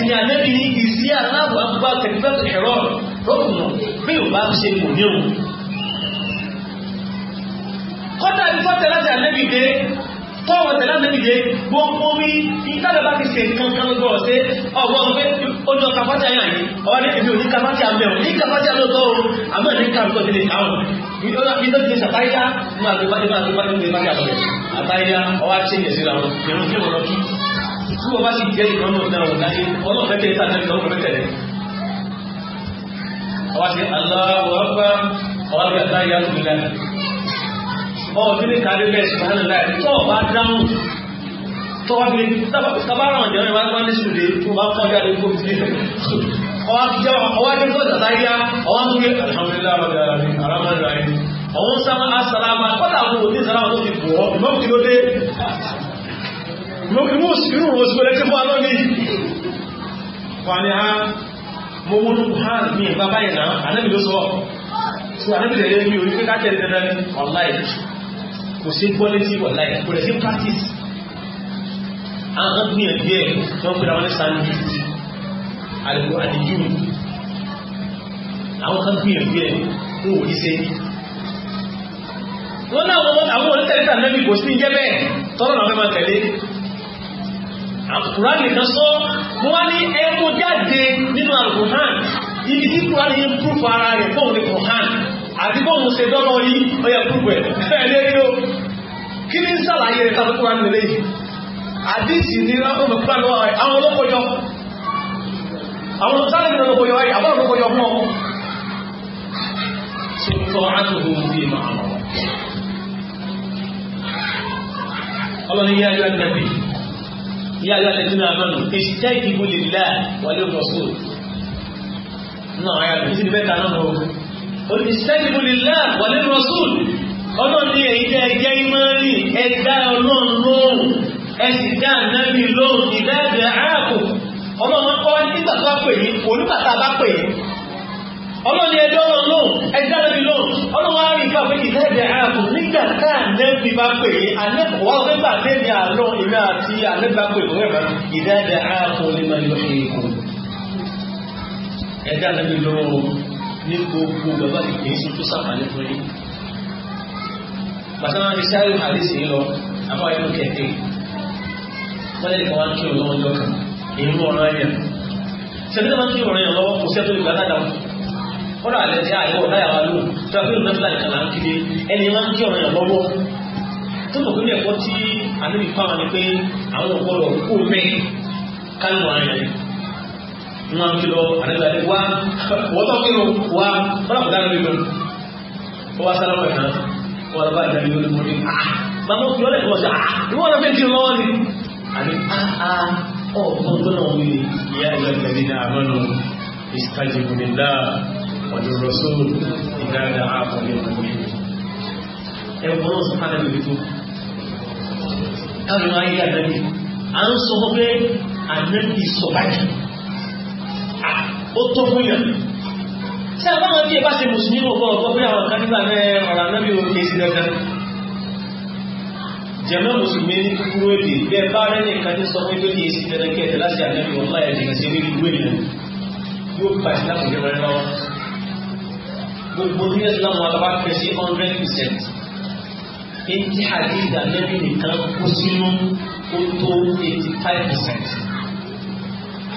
ni àlẹ́bí ní ìsí aláàbò àbá tẹ̀lifẹ̀tì ẹ̀rọ rọ́kùnà bí ò bá ṣe kò ní òun kọ́tà ìfọ́tẹ̀ láti fọ́wọ́ tẹ̀lá mẹ́bìdé gbogbo mi ìtàlẹ̀ bá ti ṣe nǹkan kan lọ́gbọ́ ọ̀sẹ̀ ọgbọ́n pé ojú ọkà pátá yà ní ọwọ́ ní èmi ò ní kapátí àmì ọ̀ ní kapátí àlọ́tọ́ o àmọ́ ní kàrúkọ ti lè dáhùn ìjọba fi tó ti sàtáyà ní àgbébádé máa tó bá ní ìgbé máa tọ̀lẹ̀ àtáyà ọwọ́ àti ṣẹ́yìn sí làwọn ìrún tí wọn lọ kí tí wọn bá sì jẹ́ ìrún náà wọn láyé ọlọ́ọ̀fẹ́ tẹ̀ sáà tẹ̀lé ọkùnrin tẹ̀lé ọwọ́ àti aláwọ̀ ọ̀pá ọwọ́ àti àtáyà tó ọ̀dún ní kárí bẹ́ẹ̀ sùpàánù láì tó ọ̀bá dáhùn tó wá fi tábàrà ọ̀jọ́ ìwà máa ní sùdé tó bá kọ́ jáde kó fi ọwá fi jẹ́ ọwá jẹ́ kó tàtà yá ọwá tó yẹ alhamdulillah ọ̀dà àràmàlà yìí ọ̀hún sáma asàlámà kọ́tà àwọn òní sàlámà tó fi bọ̀ ìmọ̀ kí ló dé ìmọ̀ kí ló sì rún òsì wọlé tí fún alọ́ni wàní ha mo wọnú hàn mí bàbá yìí náà anábì ló sọ so anábì lè yẹ mi ò ní pé ká tẹ̀lé dandan ọ̀láì kò sí quality of life kò lè sí practice àwọn gbìyànjú ẹ̀ wọ́n pèrè àwọn sandwich àlùkò àdìjú àwọn kan gbìyànjú ẹ̀ ń wò ní sẹ́ wọ́n náà wọ́n àwọn onítẹ̀lẹ́tà lẹ́bí kò sí jẹ́ bẹ́ẹ̀ tọ́rọ náà fẹ́ máa tẹ̀lé àkùránì kan sọ wọ́n wá ní ẹkùn jáde nínú àlùkò hàn ibi tí kùránì yẹn prúfù ara rẹ̀ fóun ní kùránì àti bọ́ mú se dọ́nà yí ọyà púpọ̀ ẹ̀lẹ́ rí o kí ní sàlàyé rẹ̀ tàbí kúrò nílé yìí àdísì ní rákùnmù pàdé àwọn olókojọ́ àwọn sáré ní olókojọ́ wáyé àbọ̀ olókojọ́ mọ́ tó tọ́ àtúhù bí màá mọ́ ọlọ́ni yá yá nàbí yá yá lẹ́tí náà mọ́nu ìṣẹ́ ìdìbò lè lá wà lóòrùn ọ̀sùn náà ayàlú ìṣẹ́ ìdìbẹ́ta olùsẹ́gbù lílá wàlẹ́ rọ́sùl ọlọ́run ní èyí tẹ́ ẹgbẹ́ ìmọ̀ọ́nì ẹ̀dá ọlọ́run lóhùn ẹ̀sìn dá ànábì lóhùn ìdájọ́ ààbò ọlọ́run kọ́ nígbà tó bá pè yín olùgbà tá a bá pè yín ọlọ́run ní ẹjọ́ lóhùn ẹ̀dá ànábì lóhùn ọlọ́run á rí ìgbà pé ìdájọ́ ààbò nígbà tá ànábì bá pè yín ànẹ́kọ̀ọ́ ní gbogbo bàbá ìpín sí tó sàmàlẹ́ fún yín bàtà máa fi sáré àdìsí lọ àwọn àyẹ̀wò kẹ̀kẹ́ wọ́n lè kọ́ wá kí ọ̀dọ́ ọjọ́ kan èyí mú ọ̀rọ̀ ẹ̀yà sẹ́dí náà kí ọ̀rọ̀ ẹ̀yà lọ́wọ́ kò sẹ́tò ìgbà dáadáa wọ́n rà lẹ́tí àyẹ̀wò láyà wa lò tó a fẹ́ràn mẹ́fìlà nìkan là ń kéde ẹni máa ń kí ọ̀rọ̀ ẹ̀yà lọ́wọ́ tó mọ̀ pé ní ẹ̀kọ́ tí àníbi fáwọn ni pé àwọn ọ̀pọ̀lọ̀ kó mẹ́ kánú àyẹ̀yẹ̀ wọn kí lọ àdébàdé wá wọ́tọ̀ kí lọ wá fọlọ́pọ̀ dáná bí lónìí ó wá sára pẹ̀lú náà wọ́n lọ bá ìjà bí lónìí mo ní à màmá fi ọ́lẹ̀ kọ́ sí à ìwọ náà fẹ́ẹ́ kí lọ wọ́n ni àní àá ah, ah, ọ̀gbọ́n tó náà wí ìyá ìjọ ìgbàlẹ̀ náà mọ́nu ìsìkájì gbòmìnira ọ̀dọ̀ rọ̀ṣọ́ ìdáradà àkọlẹ̀ ọ̀gbọ̀n ẹ̀wọ̀n náà sọ́kànlá ìbí tó káàdùn ayé àdáni à ń sọ pé ànábì sọ̀bájì ó tó fún yàn ṣe àbáwọn tí ẹ bá ṣe mùsùlùmí mọ̀ fún ọ̀tọ́ pé àwọn kan nígbà mẹ́ ọ̀rọ̀ anábì ò kéésì dandan jẹ̀mọ́ mùsùlùmí ní kúrú èdè bẹ́ẹ̀ bá rẹ́ nìkan ní sọ pé tó kéésì dandan kẹ́ẹ̀tẹ̀ láti anábì wọn láyà jìnà sí ní ìlú ènìyàn yóò bá ìsìlámù ní rẹ lọ́wọ́ gbogbo ní ìsìlámù alábá fẹ́ sí hundred percent eighty hadith anábì nìkan kó sínú ó tó eighty five percent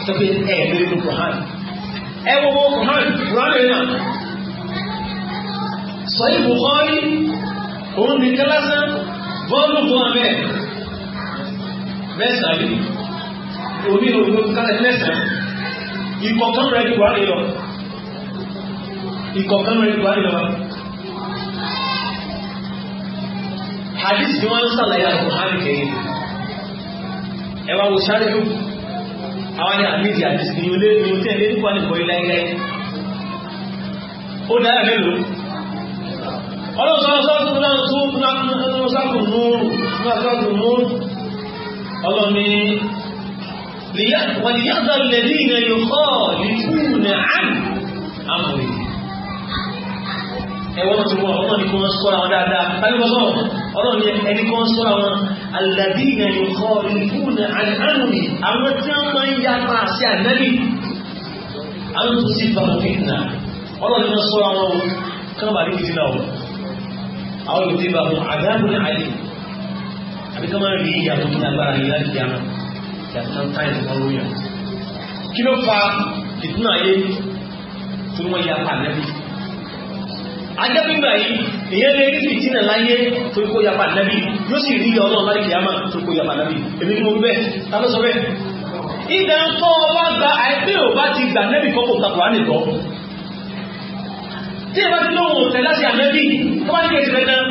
sọ pé ẹ ẹ lórí kùrán ẹ wo wo kùrán kùrán rẹ náà sọ yìí Bukhari òun ní kálásán bọ́ọ̀lù kan bẹ́ẹ̀ bẹ́ẹ̀ sàbí omi òun ló kálẹ̀ mẹ́sàn-án ìkọ̀kan rẹ̀ ju wàá lọ ìkọ̀kan rẹ̀ ju wàá lọ. hadith ni wọ́n ń sàlàyé àkùnrin kẹ́yìn ẹ wá wo sáré lókun àwọn ní àmìtì àti ìsìn olé ní o tẹ́lẹ̀ nípa nìkan ilẹ̀ ilẹ̀ ó dára mélòó ọlọ́sọ́lọ́sọ́lọ́sọ́lọ́sọ́lọ́sọ́lọ́sọ́lọ́sọ́lọ́ وليحذر الذين يخالفون عن أمره ẹwọ́n tó wọ́n ọmọ ní kí wọ́n sọ́ra wọn dáadáa tàbí wọ́n sọ́rọ̀ ọlọ́run ní ẹni kan sọ àwọn alladhina yukhalifuna an amri àwọn tí wọ́n máa ń yára sí ànábì àwọn tó sì bá fitna ọlọ́run ní sọ àwọn ohun kan bá rí fitna o àwọn yóò ti bá wọn àdáàbò ní àlè àbí ká máa rí ìyàtọ̀ ní agbára yìí láti yára yàtọ̀ táyà tó lóyún kí ló fa fitna yé tí wọ́n yára ànábì ajẹ́gbígbà yìí èyẹ́ lè rí fìtínà láyé tó kó yapa nábì yóò sì rí ọlọ́run láti kìyàmà tó kó yapa nábì èmi ni mo bẹ́ tàbí sọ bẹ́ ìdá ń kọ́ ọba gba àìpé ò bá ti gbà nábì kọ́kọ́ tàbùrá nìkọ́ tí ìbá ti lóhun òtẹ́ láti ànábì tó bá ní kẹsì dandan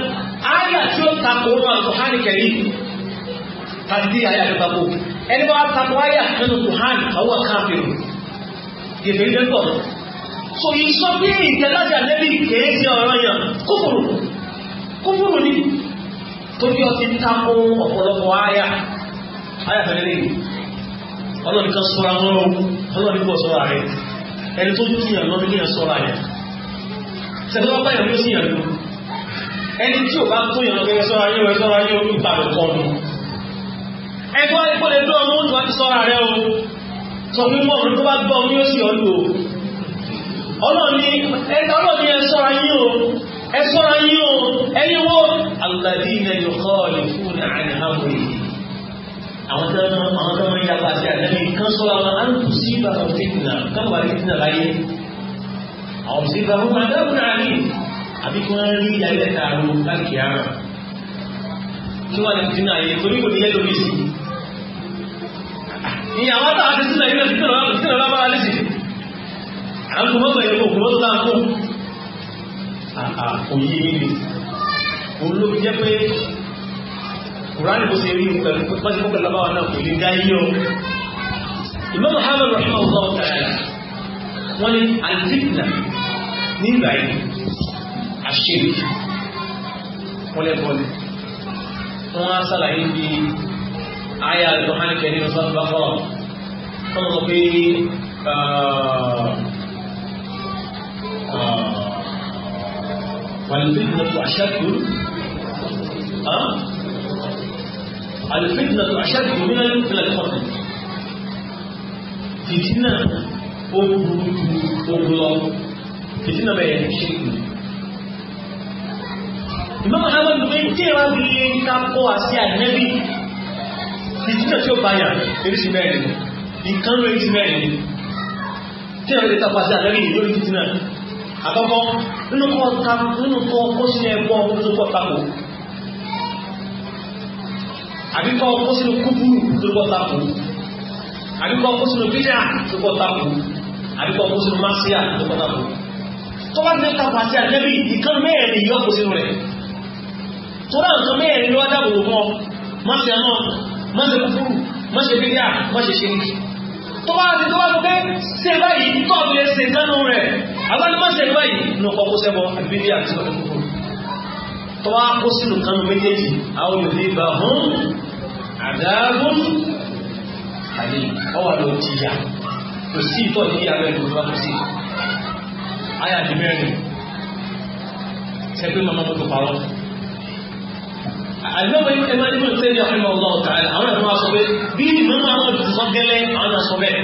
áyà tí ó takò nù àkùhánì kẹrí tàbí àyà tó takò ẹni bá takò áyà nínú kùhánì àwọn káàpì gèfè ń dẹ́kọ̀ọ́ so ìsọ bí ìjẹ́lájà lẹ́bí kìí ṣe ọ̀rọ̀ yàn kúfùrù kúfùrù ni torí ọtí ń takò ọ̀pọ̀lọpọ̀ àyà àyà fẹ́lẹ́ lẹ́yìn ọlọ́run kan sọ́ra wọn o ọlọ́run pọ̀ sọ́ra rẹ̀ ẹni tó jìyàn lọ́dún ní ẹ̀sọ́ra yẹn sẹ́dọ́ bá yàn ló sì yàn lọ ẹni tí ò bá tó yàn lọ́dún ẹ̀sọ́ra yẹn ẹ̀sọ́ra yẹn ó gbà lọ kọ́ nù ẹgbẹ́ ìpọ́lẹ̀ dọ́ ọmọ oúnjẹ wá ti sọ́ra rẹ̀ o sọ fún mọ́ọ̀rún tó bá gbọ́ ọmọ yóò sì ọ́ lò ó ọlọ́ni ẹ̀ta ọlọ́ni ẹ̀ṣọ́ra yín o ẹ̀ṣọ́ra yín o ẹ̀yin wo alladina yukhalifuna an amrihi àwọn tó ń àwọn tó ń yapa sí àdáni kan sọ́ra wọn á ń kú sí ìbára fìtìnà káwọn àti fìtìnà láyé àwọn sì bá wọn adágún àní àbí kí wọ́n rí ìyá ilẹ̀ tààrù láti ara kí wọ́n lè fìtìnà yìí torí kò ní yẹ́ lórí sí ìyàwó àtàwọn àti fìtìnà àwọn kòmọ́tò yẹn kò kòmọ́tò náà kò àkòyí níbi olóbi jẹ́ pé kùránì kò ṣe rí pẹ̀lú pẹ́sìmọ́ pẹ̀lú àbáwá náà kò lè dá yíyọ Imam Muhammad rahimahullah ta'ala wọ́n ní alifitna nígbà yìí àṣírí wọ́n lẹ́kọ́ á sàlàyé bí ayé alùpùpù hàn kẹ́ni ọ̀sán bá kọ́ ọ́ wọ́n pé والفتنة أشد الفتنة أشد من من القتل fìtínà ó burú ju ogun lọ fìtínà bẹ̀rẹ̀ ṣíkù ìmọ̀ àwọn ìgbé tí ìwà bí i kápọ̀ àti ànẹ́bí fìtínà tí ó báyà eréṣì mẹ́rin nǹkan ló eréṣì mẹ́rin tí ìwà bí i kápọ̀ àti ànẹ́bí lórí fìtínà àkọ́kọ́ nínú kọ́ ta nínú kọ́ kó sínú ẹ̀kọ́ nínú kọ́ tako àbí kọ́ kó sínú kúkúrú nínú kọ́ tako àbí kọ́ kó sínú bíjà nínú kọ́ tako àbí kọ́ kó sínú máṣíà nínú kọ́ tako tó bá ti ta pàṣẹ àtẹ́bí nǹkan mẹ́rin yọ kó sínú rẹ̀ tó náà nǹkan mẹ́rin ló wá dábòbò fún ọ máṣíà náà máṣe kúkúrú máṣe bíjà máṣe ṣe tó bá ti tó bá ti pé gánú rẹ̀ àwọn ni máa tẹ̀lé báyìí ní ọkọ̀ kó sẹ́bọ̀ àbíbí àti ọ̀dọ̀ kúkú tó wá kó sínú kanu méjèèjì àwọn olùdí bá hún àdáàgún àlè ọwà ló ti yà kò sí ìtọ́ ní ìyá mẹ́rin tó bá kò sí ayé àti mẹ́rin sẹ́pẹ́ mọ́mọ́ tó parọ́ àlùmọ́bẹ̀ ní ẹgbẹ́ nínú ìtẹ́lẹ̀ àwọn ọlọ́ọ̀tà àwọn ẹ̀rọ wa sọ pé bí ìmọ̀ àwọn olùsọ gẹ́lẹ́ àwọn sọ bẹ́ẹ̀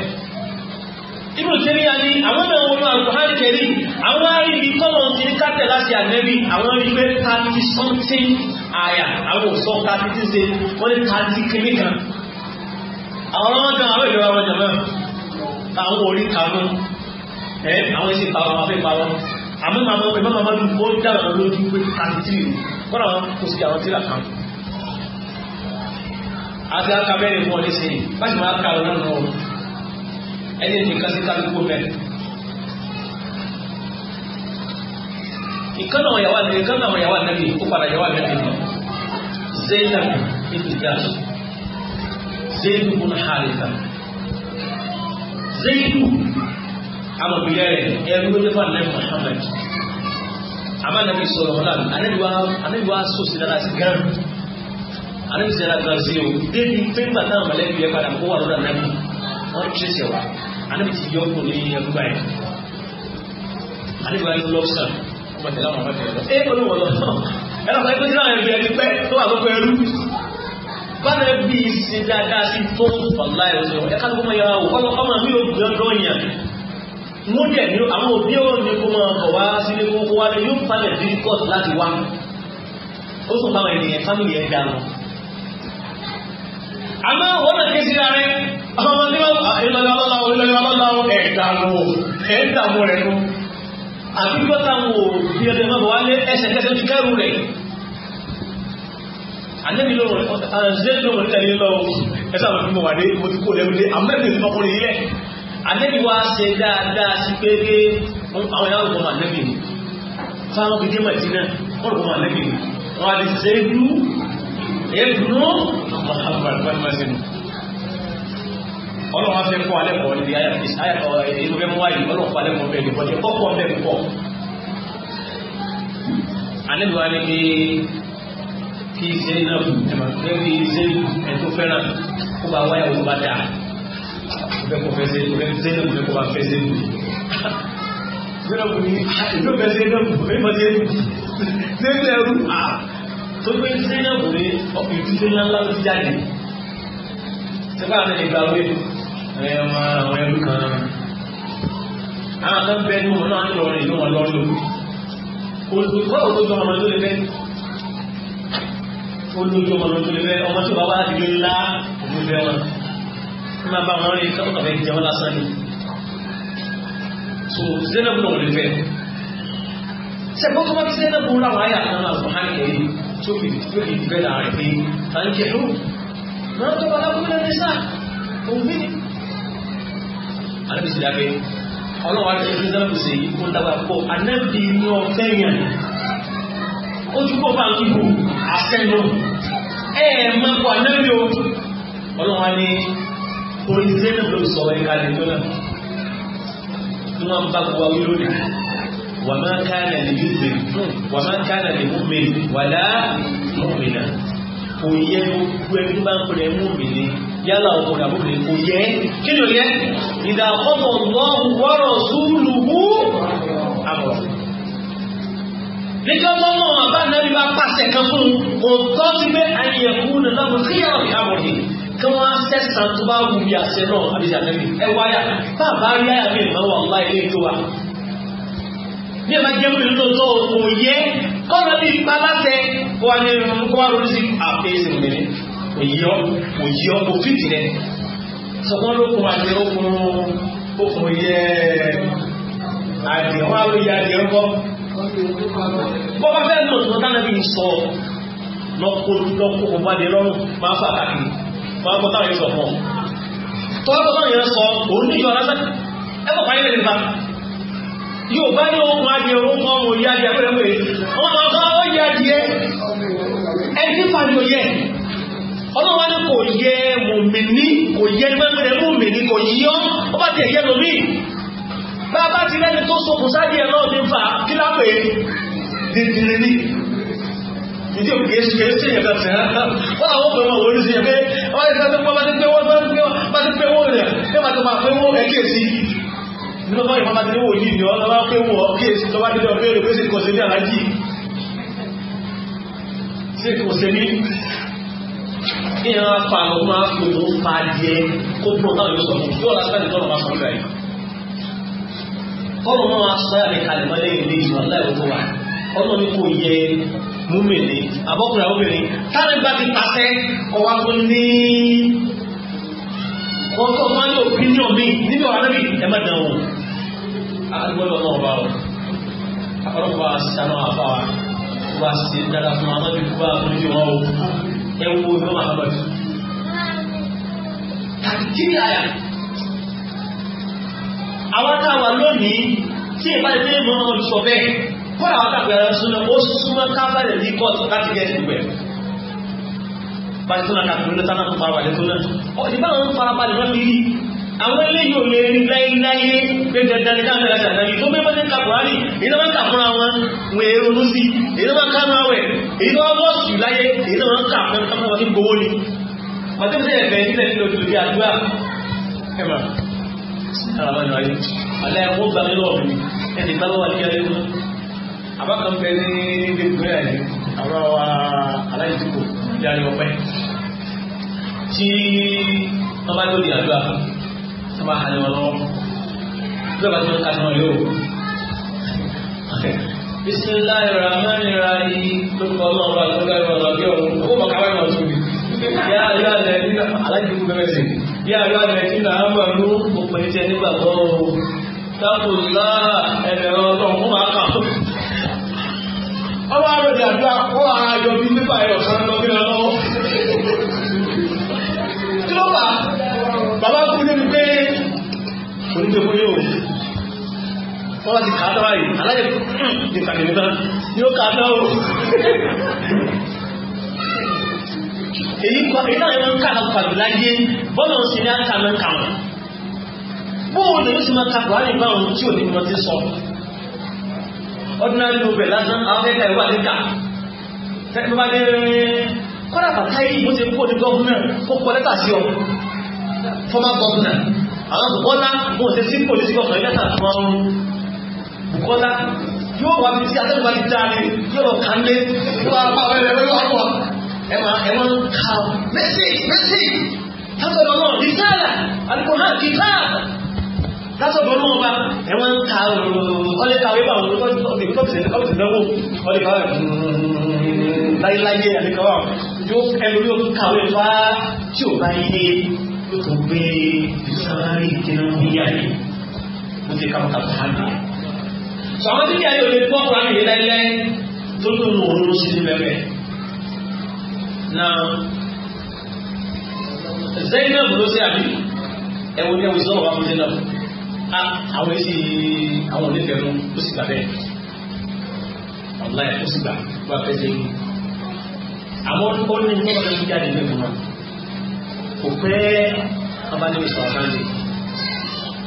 ibùdó tẹ́lẹ̀ yá ni àwọn náà wọ́n máa lò hàn kẹ́rì àwọn arìnrìn kọ́lọ̀ ti ní kátẹ̀ láti ànẹ́bí àwọn rí pé thirty something àyà àwọn òsọ thirty two ṣe wọ́n ní thirty kìíní kan àwọn ọmọ kan àwọn ìlú àwọn jàmọ́ àwọn orí kanú ẹ àwọn ìṣe ìpàwọ́ àwọn ìpàwọ́ àmọ́ màmá ọmọ ìbá màmá lù ó dá àwọn lójú pé thirty three kọ́nà àwọn kò sí àwọn tíra kan àti àkàbẹ́rẹ̀ fún ọ ẹni nìkan sí kálukú mẹ́. ìkan náà yàwá nàbí ìkan náà yàwá nàbí ó padà yàwá nàbí lọ Zainab ibi jáde Zainab bùn Haritha Zainab amabiliyẹ rẹ ẹrú ló dé fún anabi Muhammad àmà nàbí sọ̀rọ̀ wọn náà anabi wa anabi wa sọ sí dáná sí gán anabi sẹ́yìn àgbà sí o débi pé nígbà táwọn mọ̀lẹ́bí yẹ padà kó wà lọ́dọ̀ anabi wọ́n tẹ̀ sí wa anabi ti yọ kò ní ẹgbẹ́ yẹn anabi wa yọ lọ́sà ọmọ tẹ̀lé àwọn ọmọ tẹ̀lé lọ. ẹ olówó lọ ẹ lọ sọ pé sílẹ̀ ẹ̀rọ ẹni pẹ́ tó wà lọ́kọ̀ ẹrú. bára bí ìsìn dáadáa sí tó ọ̀la ẹ̀rọ sọ̀rọ̀ ẹ ká ló kọ́ máa yára wò kọ́ lọ́kọ́ máa mí ò gbọ́dọ̀ yàn. mo dẹ̀ ní àwọn òbí ọ̀rọ̀ mi kó máa kọ̀ wá sílé kó wá lé yóò falẹ̀ bí kọ́ọ̀tù láti wá. ó sọ fáwọn ènìyàn fámìlì ẹ̀ dáná àmọ́ wọ́n náà ké sí ààrẹ ọmọ ní ìlọ́lọ́lọ́ ìlọ́lọ́lọ́ ẹ̀dàmú ẹ̀dàmú rẹ̀ nù àbí gbọ́ta wò bí ẹ̀dẹ̀ mọ́bọ̀ wálé ẹsẹ̀kẹsẹ̀ fi kẹ́rù rẹ̀ àlẹ́bí lóhùn àzẹ́ lóhùn nítorí lọ́wọ́ ẹ̀sà àwọn ìgbìmọ̀ wàdé mo ti kó lẹ́nu dé àmẹ́bí mi ọkùnrin yìí lẹ̀ àlẹ́bí wa ṣe dáadáa sí pé pé àwọn ìyá òkú àlẹ́bí ni fáwọn gidi mọ̀ ìdí náà wọ́n rò wọ́n àlẹ́bí ni wọ́n á lè ṣe é dúró ebùnú Muhammad pẹ́lúmẹ́sìn ọlọ́run afẹ́ kọ́ alẹ́ kọ́ níbi ìlúfẹ́ mú àyè ọlọ́run falẹ́ mọ́ bẹ́ẹ̀ nìkan jẹ́ kọ́kọ́ bẹ́ẹ̀ pọ̀ alẹ́bùwá ni pé kí ṣe é náà ẹ̀mà pé kí ṣe é tó fẹ́ràn kó bá wáyà òun bá dáa ọbẹ̀ kò fẹ́ ṣe é ṣe é náà kó bá fẹ́ ṣe é ṣe é náà kò ní ìlú fẹ́ ṣe é náà kò fẹ́ ṣe é ṣe é ṣe é tó gbé Zainab ní ọkùnrin tí ó ńláńlá ló ti jáde sẹ́fà ní ìgbà wé ẹ̀ ọmọ àwọn ẹlú kan àwọn kan bẹ́ẹ̀ ní wọn náà ń lọrin ìlú wọn lọ́dún olùkọ́ òkú tó ọmọ tó lè fẹ́ olójú ọmọ tó lè fẹ́ ọmọ tó bá wà nílé ńlá òkú fẹ́ wọn ní máa bá wọn rí kọ́kọ́ fẹ́ jẹun lásán ni so Zainab náà lè fẹ́ sẹ́fà tó bá ti Zainab náà wáyà náà lọ́sàn tí ó fi fẹ́ láàrin pé tàbí ẹ̀rù máa tó bá lábúrú lẹ́nu sáà òun bí ní. anábì sì dábẹ́ ọlọ́wà tó fi sáà kùsè yìí kó dábà pọ̀ anábì ní ọ̀fẹ́ yẹn ó tún pọ̀ máa kíkù àṣẹ náà ẹ̀ máa pọ̀ anábì o ọlọ́wà ní orí sẹ́nu ló sọ wàmá kánà lè yúfin wàmá kánà lè múmin wàlá múmina kò yẹ gbogbo ẹni tó bá ń pèrè múmini yálà ọkùnrin àbúkùnrin kò yẹ kí ló yẹ ìdàkọ́mọ̀ náà wọ́rọ̀ súlùú àmọ̀ nígbà tó mọ̀ wọn bá nàbí bá pàṣẹ kan fún un kò tọ́ sí pé àyẹ̀kú nà lọ́kùn sí yàrá ìyá wọ̀ ni kí wọ́n á sẹ́sàn tó bá wù bí àṣẹ náà àbíjà nàbí ẹ wáyà bá a bá rí àyà mi ìmọ̀ wọn láì lè tó wa bí ẹ bá jẹ́ mú ìlú tó kò yẹ kọ́nà bí ipa láṣẹ kó wá ní irun kó wá lórí sí àpè ìsìnkú kò yọ kò yọ kò fìtì rẹ sọgbọ́n ló kún àti okùn okùn yẹ àdìẹ wọn àwọn ìyá àdìẹ ńkọ bọ́ bá fẹ́ lò tó dáná bí n sọ lọ́kọ́ lọ́kọ́ kò bá dé lọ́rùn máa fà kàkiri máa gbọ́ táwọn yẹn sọ fún ọ tọ́lá tó táwọn yẹn sọ òun níjọ yóò bá ní ohun adìẹ ohun ọmọ òye adìẹ pẹ̀lẹ́ pé wọn máa bá òye adìẹ ẹni pàdé òye ọlọ́wọ́ ni kò yẹ mòmìnì kò yẹ mẹ́mìnì mòmìnì kò yí ọ́ ó bá tẹ̀ yẹ lómi bá a bá ti lẹ́ni tó sokùn sádìẹ náà ní fa kí lápè dìndìnrì ni ìdí òkè èsì kèrè sí ìyẹ̀dá sí ẹ̀ wọ́n àwọn ọmọ ọmọ orí sí ẹ̀ pé wọ́n ti pé wọ́n ti pé wọ́n ti pé wọ́n rẹ̀ pé wọ́n ti máa pé wọ́n ẹ̀ kí èsì nínú tó ìfọ́nbá ti níwò yìí ni ọ lọ́wọ́ pé wọ́n kí èsì tó bá dédé ọ̀pẹ́ rẹ̀ kò sí ní alájì sí kò sí ní kí ẹran múmìnì àbọ́kùnrin àbọ́bìnrin táwọn ìgbà ti pàṣẹ ọwá tó ní wọ́n tó ní òpinion mi nínú ànábì ẹ̀ àgbọ̀dọ̀ náà bá wọn ọlọ́pàá sanu àfáwà wá sí dára fún amadu bá lójú wọn o ẹ wo ló máa bọ̀ jù. kàkiri àyà àwọn táwa lónìí tí ìbáraẹni tẹ́lẹ̀ mọ́ ọ́n sọ bẹ́ẹ̀ kọ́ra àwọn àgbà ẹ̀rọ súnmọ́ ó súnmọ́ káfáàlẹ̀ ní kóòtù láti gẹ̀ ẹ̀sìn gbẹ̀. báyìí tó náà kàkiri ló sáná tó fara balẹ̀ tó náà ọ̀ ìbáraẹni fara balẹ̀ lọ́ọ́ àwọn eléyìí ò lè rí láyéláyé pé dandan ní káàmì láti àdáyé tó bẹ́ẹ̀ bọ́sẹ̀ ká buhari èyí tó máa ń kà fúnra wọn wọn èyí ronú sí èyí tó máa ń ká máa wẹ̀ èyí tó máa bọ́ sí láyé èyí tó máa ń kà fún ká máa fi gbowó ni. pàtó bí sẹ́yìn bẹ̀rẹ̀ nílẹ̀ nílò tó di àdúrà ẹ̀ mà ara wọn yọrí alẹ́ ẹ̀ wọ́n gba mi lọ́wọ́ mi ẹ̀ ti gbá lọ́wọ́ àdíyá lé wọn. abákan bẹ ní gbẹgbẹ́ àwọn aláìsíkò ìyá ni wọ́n pẹ́ tí wọ́n bá lóde àdúrà tí wọ́n halẹ̀ wọn lọ́wọ́ bí wọ́n bá tí wọ́n ta náà yóò. bisimilayi rahmani rahi lórúkọ ọlọ́run bá ni. ẹ̀rọ ọ̀rọ̀ bí ọ̀hún ó mọ̀ káwé náà tóbi. yà á yọ àlẹ́ nínú aláìsí fún bẹ́ẹ̀ sí yà á yọ àlẹ́ nínú àmọ̀nú òpin tí ẹni gbàgbọ́ o. táàpù ńlá ẹ̀rọ ọlọ́run ó máa kà ó. ọba àròjì àdúrà kó ara yọ bí pépà ẹ̀rọ kan lọ bí ọlọ́wọ́ kò ní wọ́n ti kà á yìí aláyẹ̀ ní kàdé níta yóò kà á èyí kọ́ èyí náà yẹn ká àpàdé láyé bọ́ọ̀lù sì ní àtà náà kà wọ́n lè sì máa ka buhari báwọn tí ò ní mọ́ ti sọ ordinary nobel lásán àwọn ìwà ní kà bá dé kọ́dà bàtà yìí mo ti kó o ní gọ́ọ̀nà kó kọ́ lẹ́tà sí ọ fọ́mà gọ́ọ̀nà àwọn bùkọ́lá wọn ṣe sí pòlìsì kọ̀ọ̀kan ilẹ̀ tàbí wọn rún bùkọ́lá yóò wà bí tí atẹ́gbà ti dáre yóò lọ kàn lé wọ́n apá abẹ́rẹ́ lórí wọn wà ẹ̀mà ẹ̀mà ń ka mẹ́sì mẹ́sì látọ̀dọ̀ náà rìsáàlà alukóhán kìtá látọ̀dọ̀ náà bá ẹ̀mà ń ka ọlẹ́ kàwé hmm, bá wọn lọ́dún tó ti dánwò ọlẹ́ kàwé láyéláyé àdékọ́wà yóò ẹlòmí tó gbé sàárì kìnnà níyà ni ó ti ká ọkà bàá mi. sọ àwọn tíkẹ́ yóò lè gbọ́ ọ̀rọ̀ àmì lẹ́lẹ́ tó tó nù òun sí ní bẹ́ẹ̀ na Zainab ló ṣe àbí ẹ̀wọ̀n ní ẹ̀wọ̀n ìṣòro wà Zainab àwọn èsì àwọn onífẹ̀ẹ́ mú ó sì gbà bẹ́ẹ̀ ọ̀la ẹ̀ ó sì gbà gbà bẹ́ẹ̀ sẹ́yìn àwọn ó ní ní ọ̀rọ̀ ìjáde mẹ́fún náà kò fẹ́ abánibí sọ̀rọ̀ kan lè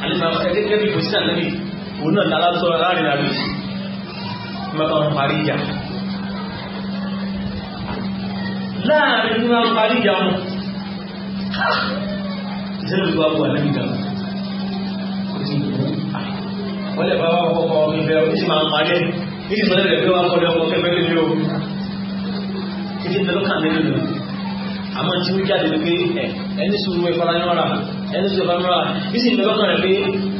alimami ẹgbẹ́ bí kò sí ànábì òun náà lára sọ láàrin àbí ìmọ̀ bá wọn parí ìjà láàrin ní wọn parí ìjà wọn ìṣẹ́lẹ̀ ìgbà wọ ànábì gan kò tí wọ́n lè bá wọn kọ́kọ́ ọmọ ìfẹ́ ọmọ ìṣẹ́ máa parí ẹ̀ ní ìṣẹ́lẹ̀ rẹ̀ pé wọ́n kọ́ ọmọ kẹfẹ́ lé ní o títí pẹ̀lú kàmẹ́lì lọ́wọ́ àmọ́ tí ó jáde pé ẹ ẹni sùúrù ẹ fara yọra ẹni sùúrù fara yọra bí sì ìgbẹ́ lọ́kàn rẹ̀ pé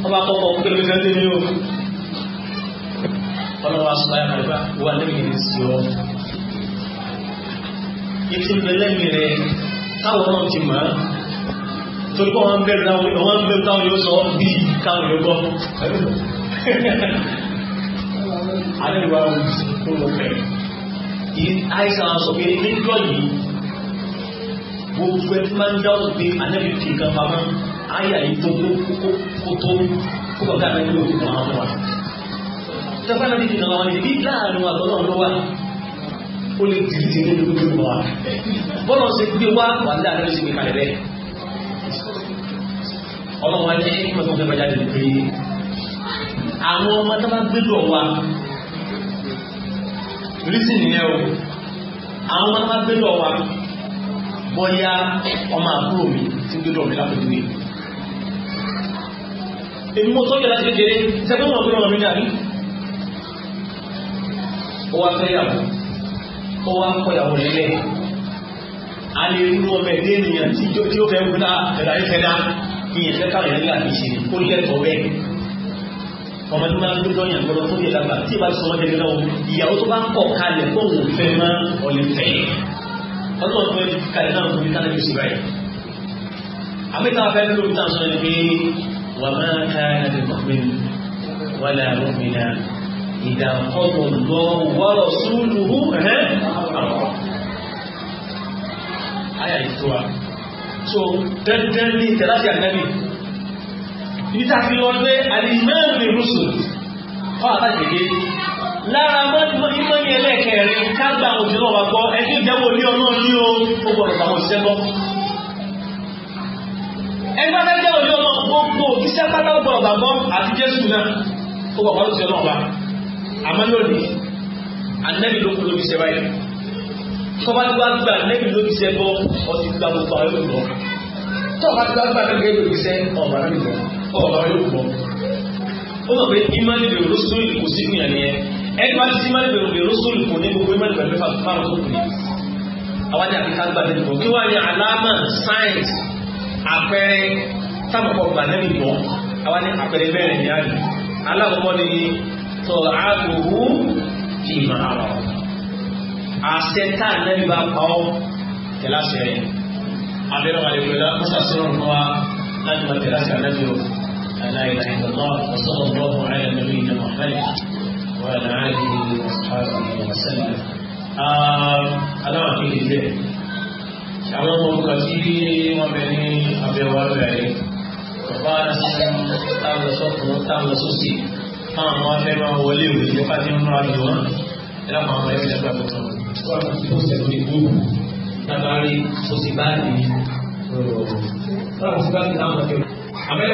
ọba kọ́kọ́ pẹ̀lú fẹ́ lé ní o. ọlọ́wà sọ ayé àgbà wà lẹ́yìn ní sí ọ. ìtì mẹlẹ́mì rẹ̀ káwọn náà ti mọ̀ ọ́ torí pé wọ́n bẹ̀rù táwọn wọ́n bẹ̀rù táwọn yóò sọ bí káwọn yóò gbọ́. alẹ́ ìwà òun kò lọ bẹ̀rẹ̀ àìsàn sọ pé níjọ́ yìí gbogbo ẹni máa ń dáhùn pé anábì fi nǹkan pamọ́ ayé àyè tó tó kó tó kó kọ̀ọ̀ká rẹ̀ ló ti kàn án fún wa. ìjọba náà ti di náà wọn ni bí láàánú àtọ́nà ló wà ó lè dìrì sí nínú gbogbo wa. bọ́lá ṣe gbé wá wà ní àná ìṣègbè kalẹ̀ bẹ́ẹ̀. ọlọ́run wa ní ẹgbẹ́ tó fẹ́ bá jáde lórí àwọn ọmọ tó bá gbé lọ wa rísìn nìyẹn o àwọn ọmọ tó bá gbé wa bọ́yá ọmọ àbúrò mi tí ń gbẹ́dọ̀ mi lápẹ̀dúwé èmi mo sọ́jọ́ láti kékeré sẹ́gbẹ́ wọn gbẹ́rọ̀ mi dàbí ó wá fẹ́yàwó ó wá kọyàwó lẹ́lẹ́ a lè rú ọmọ ẹ̀dẹ́ ènìyàn tí ó fẹ́ wúlá ẹ̀dá ìfẹ́dá ìyẹn fẹ́ káwọn ìdílé àti ìṣe kó lẹ́tọ̀ọ́ bẹ́ẹ̀ ọmọ tó máa ń gbé lọ́yìn àgbọ̀dọ̀ tó yẹ lágbà tí ìbá sọ ọmọdé lọ́wọ́ ìyàwó tó bá kọ̀ kalẹ̀ kó òun fẹ́ mọ́ ọ̀lẹ́fẹ́ ọlọ́run fẹ́ fi kalẹ̀ náà fún mi kálẹ̀ fi ṣùgbọ́n yìí àmìta fẹ́ lórí ìtàn sọ ni pé wà máa ká ẹni mọ̀mìn wà láàrín mìíràn ìdàkọ́tọ̀ lọ wọ́rọ̀ súlùú ẹ̀hẹ́ àwọn àyà wọ́n àbá ìdèdè lára mọ́tò iná ní ẹlẹ́kẹ̀ẹ́rin kágbà òṣèlú ọ̀wà gbọ́ ẹgbẹ́ ìjẹ́wò ní ọlọ́run ní o ó gbọ́dọ̀ tàwọn òṣìṣẹ́ gbọ́ ẹgbẹ́ bá jẹ́ òní ọmọ gbogbo òkíṣẹ́ pátá gbọ́ ọ̀gbà gbọ́ àti Jésù náà ó wà wọ́n sí ọlọ́ọ̀bá àmọ́ lónìí anẹ́bí ló kú lóbi sẹ́wáyé tọ́ba tí wàá gba anẹ́bí lóbi sẹ́ bọ́ ọtí gba gbogbo àwọn yóò lọ tọ́ba tí wàá gba ó mọ̀ pé imani bẹ̀rù rọ́sùlù kò sí ìgbìyàn ni ẹ ẹni bá ti sí imani bẹ̀rù bẹ̀rù rọ́sùlù kò ní gbogbo imani bẹ̀rù mẹ́fà fáwọn tó kù àwọn ní àfikà gbà nínú bọ̀ kí wọ́n ní alámà sáyẹ̀nsì àpẹẹrẹ sábàpọ̀ gbà nínú bọ̀ àwọn ní àpẹẹrẹ bẹ́ẹ̀ ní àlè alákọ̀ọ́kọ́ ni tọ̀rọ̀ àgbòhù kì í máa rọ̀ àṣẹ tá à nẹ́bí bá pa ọ́ tẹ̀láṣẹ rẹ̀ abẹ́rẹ́ wà lè pẹ̀lú àkóṣà sọ̀rọ̀ na wa láti máa tẹ̀láṣẹ ànẹ́bí rẹ̀ لا إله إلا الله وصلى الله على نبينا محمد وعلى آله وأصحابه وسلم أنا في ذلك àwọn orúkọ tí wọ́n bẹ ní abẹ́wọ́ abẹ́rẹ́ bàbá aláṣẹ táàlọ́sọ́kùnrin táàlọ́sọ́sì táwọn ọmọ afẹ́ máa wọlé ìwé nípa tí wọ́n máa lò wọ́n ẹlẹ́kọ̀ọ́ àwọn ẹgbẹ́ ìjọba tuntun wọ́n máa ti fọ́ọ̀sẹ̀ lórí gbogbo tábàárí sọ́sì báàgì ọ̀rọ̀ báàgì táwọn ọ̀dọ́ wọ́n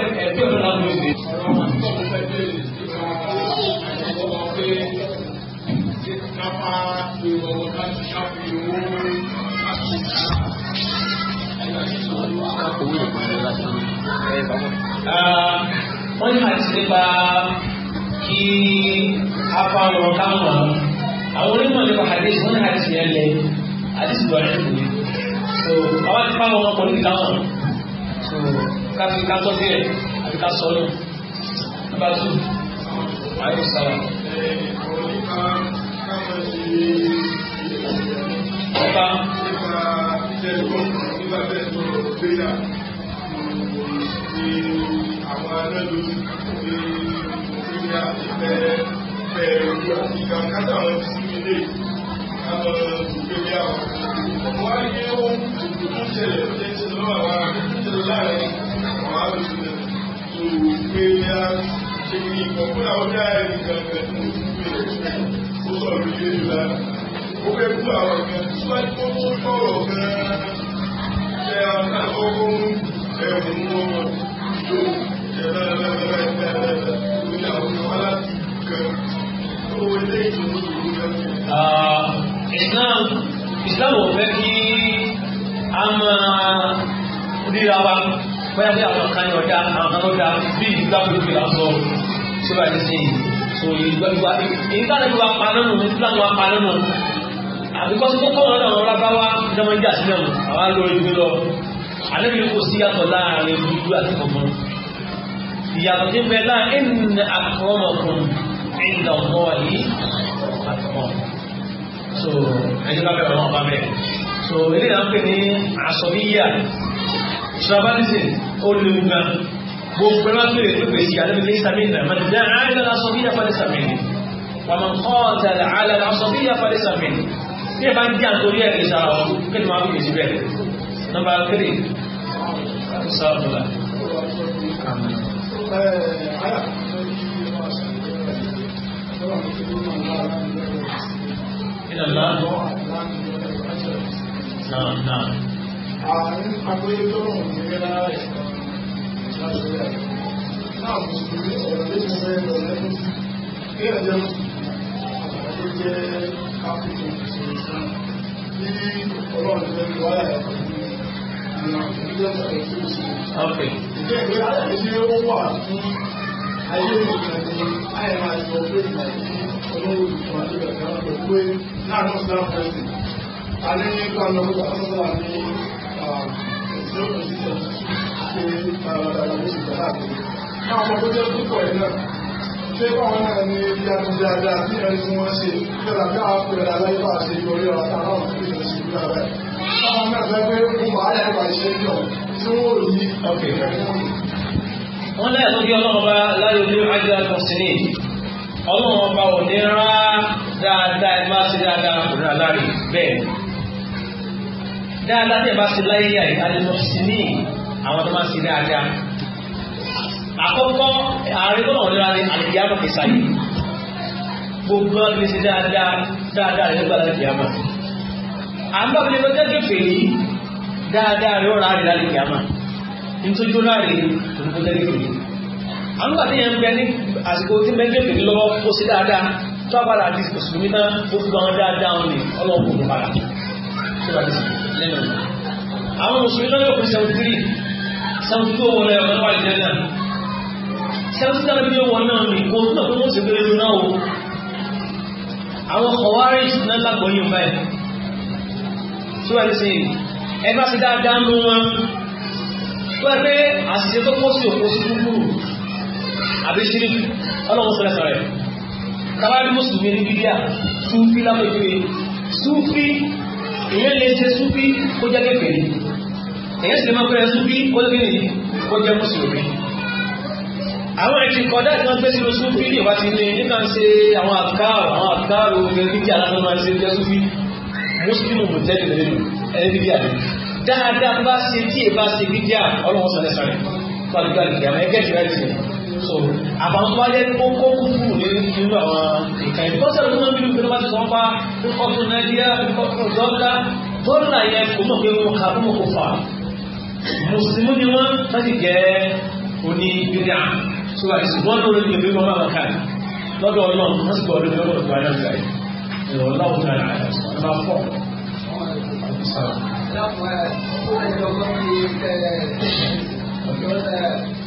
ní àti nípa kí apá wọn káwọn àwọn onímọ̀ nípa hadith wọ́n ní hadith yẹn lẹ hadith lọ́rẹ́ ìwé so àwọn ti pa wọn kọ́ ní káwọn so káfí ká tọ́ sí rẹ̀ àti ká sọ ní nígbà tó ayé sára. ọba àwọn alẹ́lú ìgbéga ìfẹ́ ìfẹ́ ìlú àti ìgbàkátà wọn sí ilé àwọn ìgbéga wọn. wọ́n á yẹ ohun tó ń ṣẹlẹ̀ lọ́wọ́ àwọn akẹ́kọ̀ọ́ láàrin Islam ò fẹ́ kí a máa ríra wa bóyá bí àwọn kan ní ọjà àwọn kan lọ́jà bí ìgbà gbogbo ìlà sọ síbà ní sí so ìgbà ìgbà ìgbà náà ti wá pa lọ́nà ní ìgbà náà wá pa lọ́nà àbíkọ́ sí kókó wọn náà wọn lábáwá ní you jà sí náà àwa lórí ìgbé lọ àlébi kò sí yàtọ̀ láàrin dúdú àti funfun ìyàtọ̀ tí ń bẹ láàrin ẹnì àkọ́mọkùn ẹnì ọ̀pọ̀ yìí àtọ̀mọ̀ so ẹni bá bẹ̀rẹ̀ to. bá bẹ̀rẹ̀ so eléyàá ń pè ní àsọ̀bíyà tribalism ó léwu gan gbogbo ẹgbẹ́ péré pépè sí àdébí lè sàmì nà mà dá àlẹ́ lásán bí yàfa lè sàmì nì wà mà kọ́ ọ̀tàlẹ̀ àlẹ́ lásán bí yàfa lè sàmì nì bí ẹ bá ń dín àtòrí ẹ̀ lè إلى الله نعم نعم àwọn agbóyé tó rùn ní ilé lára rẹ̀ láti rẹ̀ náà mùsùlùmí ọ̀rọ̀ méjì fẹ́ lọ lẹ́nu kí ẹ̀ jẹ́ àbàdà tó jẹ́ áfíríkì ìṣòro ní ọlọ́run jẹ́ wáyà ẹ̀kọ́ Okay. Ayé ìgbìyànjú ayé máa ń sọ pé ìgbà yìí olówó ìgbìmọ̀ àti ìgbà kan pẹ̀lú pé láàrín ọ̀sán ọ̀sán ẹ̀sìn. A ní nípa lọ́wọ́ ọ̀sán àti Àwọn ọmọ tó jẹ́ púpọ̀ ẹ̀ náà, ṣé báwọn náà ní ibi àti dáadáa tí ẹni tí wọ́n ṣe, fẹ́ra bí àwọn pẹ̀lú aláìbá ṣe yọrí ọ̀rọ̀ àtàwọn ọmọ tó ṣe ṣe bí ara rẹ̀. Báwọn náà fẹ́ pé ó máa yẹ ìgbà ìṣe jọ tí wọ́n rí ọ̀kẹ́ wọ́n lẹ́yìn tó bí ọlọ́run bá láyé olú ájúdá tọ́sílẹ̀ ọlọ́run bá ò ní rá dáadáa ẹ má ṣe dáadáa kò rà lárí bẹ́ẹ̀ dáadáa tẹ̀ bá ṣe láyé àyè alimọ̀síní àwọn tó máa ṣe dáadáa. àkọ́kọ́ ààrẹ tó wọ̀n lera ní àlìyámà kìsà yìí gbogbo ọdún ṣe dáadáa dáadáa rẹ̀ nígbà àlìyámà. àmọ́ bí ẹgbẹ́ tẹ́jú fèrè dáadáa rẹ̀ ó ra àrẹ̀ àlìyámà nítorí ó ráre òǹkó tẹ́jú fèrè. àwọn àti yẹn ń bẹ ní àsìkò tí mẹ́jọ fèrè lọ́wọ́ ó ṣe dáadáa tó àpàdà àti mùsùlùmí náà ó fi gbọ́n dáadáa wọn lẹ́nu àwọn mùsùlùmí lọ́dọ̀ kò sẹ́wọ́n tírì sẹ́wọ́n tó wọlé ọ̀rọ̀ wà lẹ́nu náà sẹ́wọ́n tó tẹ̀lé wọn náà ní kó tó tó wọ́n sì gbé lẹ́nu náà o àwọn kọ̀wárí ìṣúná lágbóyún báyìí tí wọ́n ti sè é ẹ bá ti dáadáa nù wọn wọ́n pé àṣìṣe tó pọ̀ sí òkú sí kúkúrú àbí ṣírí ọlọ́run sọ̀rọ̀ sọ̀rọ̀ ẹ̀ kábàárí mùsùlùmí ní bíbíà súfì lápẹ̀jọ́ súfì èyàn lè ṣe súfí kó jẹ́ kékeré èyàn sì lè máa pẹ́rẹ́ súfí kó jẹ́ kékeré kó jẹ́ mùsùlùmí àwọn ẹ̀tì kọ̀dá tí wọ́n gbé sínú súfí lè wá ti ní nígbà ṣe àwọn àkàrò àwọn àkàrò gẹ̀ẹ́gì aláwọ̀ máa ṣe jẹ́ súfí mùsùlùmí mò tẹ́lẹ̀ lẹ́nu ẹni bíbí àdé dáadáa bá ṣe tí èbá ṣe bíbí à ọlọ́wọ́ sọ̀rẹ́sọ̀rẹ́ pàdùkà ìgbàmọ́ ẹgẹ́ ìrẹsì so àbáwọn tó bá jẹ́ kó kó kúkú ní irú àwọn nǹkan ẹ̀ bọ́sẹ̀ ló máa ń bínú pẹ̀lú bá ti sọ pa ọkùn nàìjíríà ọkùn dọ́là dọ́là yẹn kò mọ̀ pé wọn kà mọ̀ kó fà mùsùlùmí ni wọ́n láti jẹ́ oní bíríà so àìsàn wọn lórí ní ìbí wọn máa kà lọ́dọ̀ ọlọ́run wọ́n sì gbọ́ lórí ọlọ́run tó ayé ọ̀gá yìí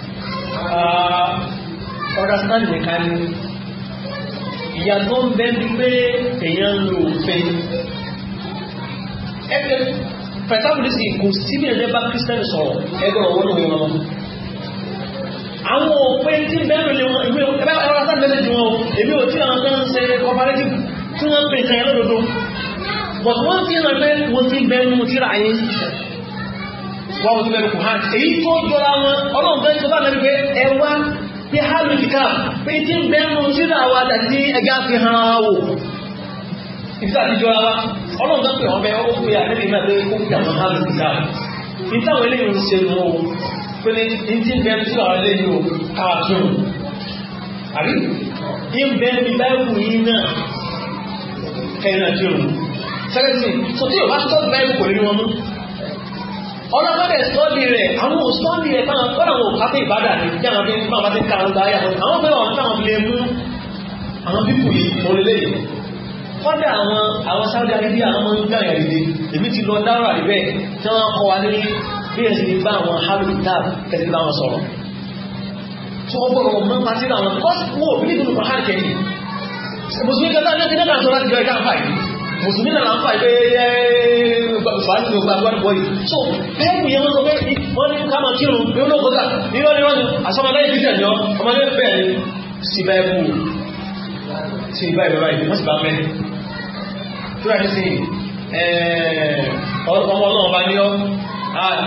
understand ah, nìkan ni ìyá tó ń bẹ́ bí pé èèyàn ń lo òfin ẹgbẹ́ pẹ̀tàbùlìsì kò síbi ẹ̀jẹ̀ bá kírísítẹ́nì sọ̀rọ̀ ẹgbẹ́ ọ̀wọ́ lòun be àwọn òpin tí bẹ́ẹ̀rù lè wọn ìwé ẹgbẹ́ ọlọ́sàn mẹ́sẹ̀jì wọn èmi ò tí àwọn kan ń ṣe cooperative tí wọ́n ń pè ìtàn ẹlọ́dọ̀dọ̀ but one thing I pé wọ́n ti bẹ́ẹ̀rù mo ti rà wọ́n mú tó bẹ̀rù kùhán èyí tó jọra wọn ọlọ́run bẹ́ẹ̀ tó bá lẹ́nu pé ẹ wá pé hálù kìkà pé tí ń bẹ́ẹ̀ mú síra wa dàtí ẹja fi hàn án wò ìdí àti jọra wa ọlọ́run bẹ́ẹ̀ pé wọ́n bẹ́ẹ̀ ó fi àtẹ́lẹ̀ náà pé ó fi àwọn hálù kìkà ìtàwọn eléyìí ń ṣe nù ó pé ní tí ń bẹ́ẹ̀ mú síra wa eléyìí ó káàtún àbí ní bẹ́ẹ̀ ní báyìí yìí náà kẹ́yìn náà tí ó sẹ́kẹ́sì sọ tí ò bá tọ́ báyìí kò lè rí wọn mú ọlọ́pàá sọ́ọ̀lì rẹ̀ àwọn sọ́ọ̀lì rẹ̀ táwọn kọ́nà wọn kápẹ́ ìbádà ní tí àwọn bíi máa bá ti ka ọgbà ayà wọn àwọn bẹ́ẹ̀ wọn táwọn lè mú àwọn pípù yìí mọ̀lélẹ́ yìí kọ́dà àwọn àwọn Saudi Arabia àwọn ọmọ nígbà yẹn dìde èmi ti lọ dárò àríbẹ̀ tí wọ́n kọ́ wa ní bí ẹ̀sìn ní bá àwọn harry tab kẹ́sì bá wọn sọ̀rọ̀ tí wọ́n bọ̀rọ̀ mọ́ pàtí àwọn kọ́sì wọ́n ò bí nítorí kọ́ mùsùlùmí náà láǹfà ìgbé ẹ fàánù ní ọgbà agbára bọ́ọ̀lì so bẹ́ẹ̀ kù yẹn wọ́n sọ pé wọ́n ní ká máa kírun ní olóògbé gà ní wọ́n ní wọ́n ní asọ́mọlẹ́ ìbílẹ̀ ni ọmọdé bẹ́ẹ̀ ni sí bá ẹkù sí bá ìbẹ̀rẹ̀ báyìí wọ́n sì bá mẹ́rin tó rà ní sí ọmọ ọlọ́run bá ní ọ́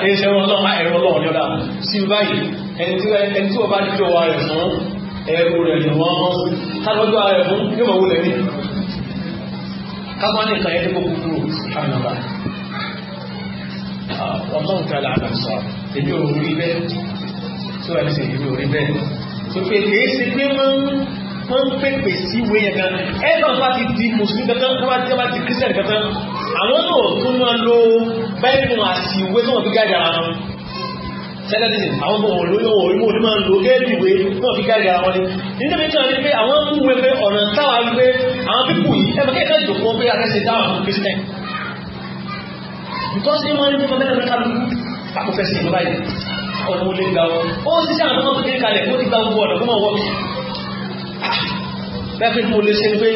ẹ̀ṣẹ̀ ọlọ́run ẹ̀rọ ọlọ́run ní ọ̀dà sí báyìí ẹni tí wọ́n bá dí kábọ́nì kan yẹn tó kó kúrò ṣàlùbà ọlọ́run tí ah, a lànà sọ èmi ò rí bẹ́ẹ̀ tí wọ́n ti èmi ò rí bẹ́ẹ̀ tó pé kìí ṣe pé wọ́n ń pèpè sí ìwé yẹn kan ẹ̀rọ bá ti di mùsùlùmí kankan tó bá ti bá ti kírísítẹ̀nì kankan àwọn náà tún máa lo báyìí nù àti ìwé náà fi gáàjà ara wọn sẹ́lẹ̀dìsì àwọn ọmọ olóyún orímọ̀ onímọ̀ ló gẹ́ẹ̀dì ìwé náà fi gáàrí àwọn ni nígbà tí wọ́n ní pé àwọn ń wé pé ọ̀nà táwa ń gbé àwọn pípù yìí ẹgbẹ́ kẹ́kẹ́ ìjòkó because ní wọ́n ní pé fọ́nẹ́rẹ́ mẹ́ta ló àkọfẹ́sì ìlú báyìí ọ̀nà olè gbà wọn ó sì sí àwọn ọmọ kékeré kalẹ̀ kó ti gba gbogbo ọ̀nà kó mọ̀ wọ́ bẹ́ẹ̀ pé mo lè ṣe pé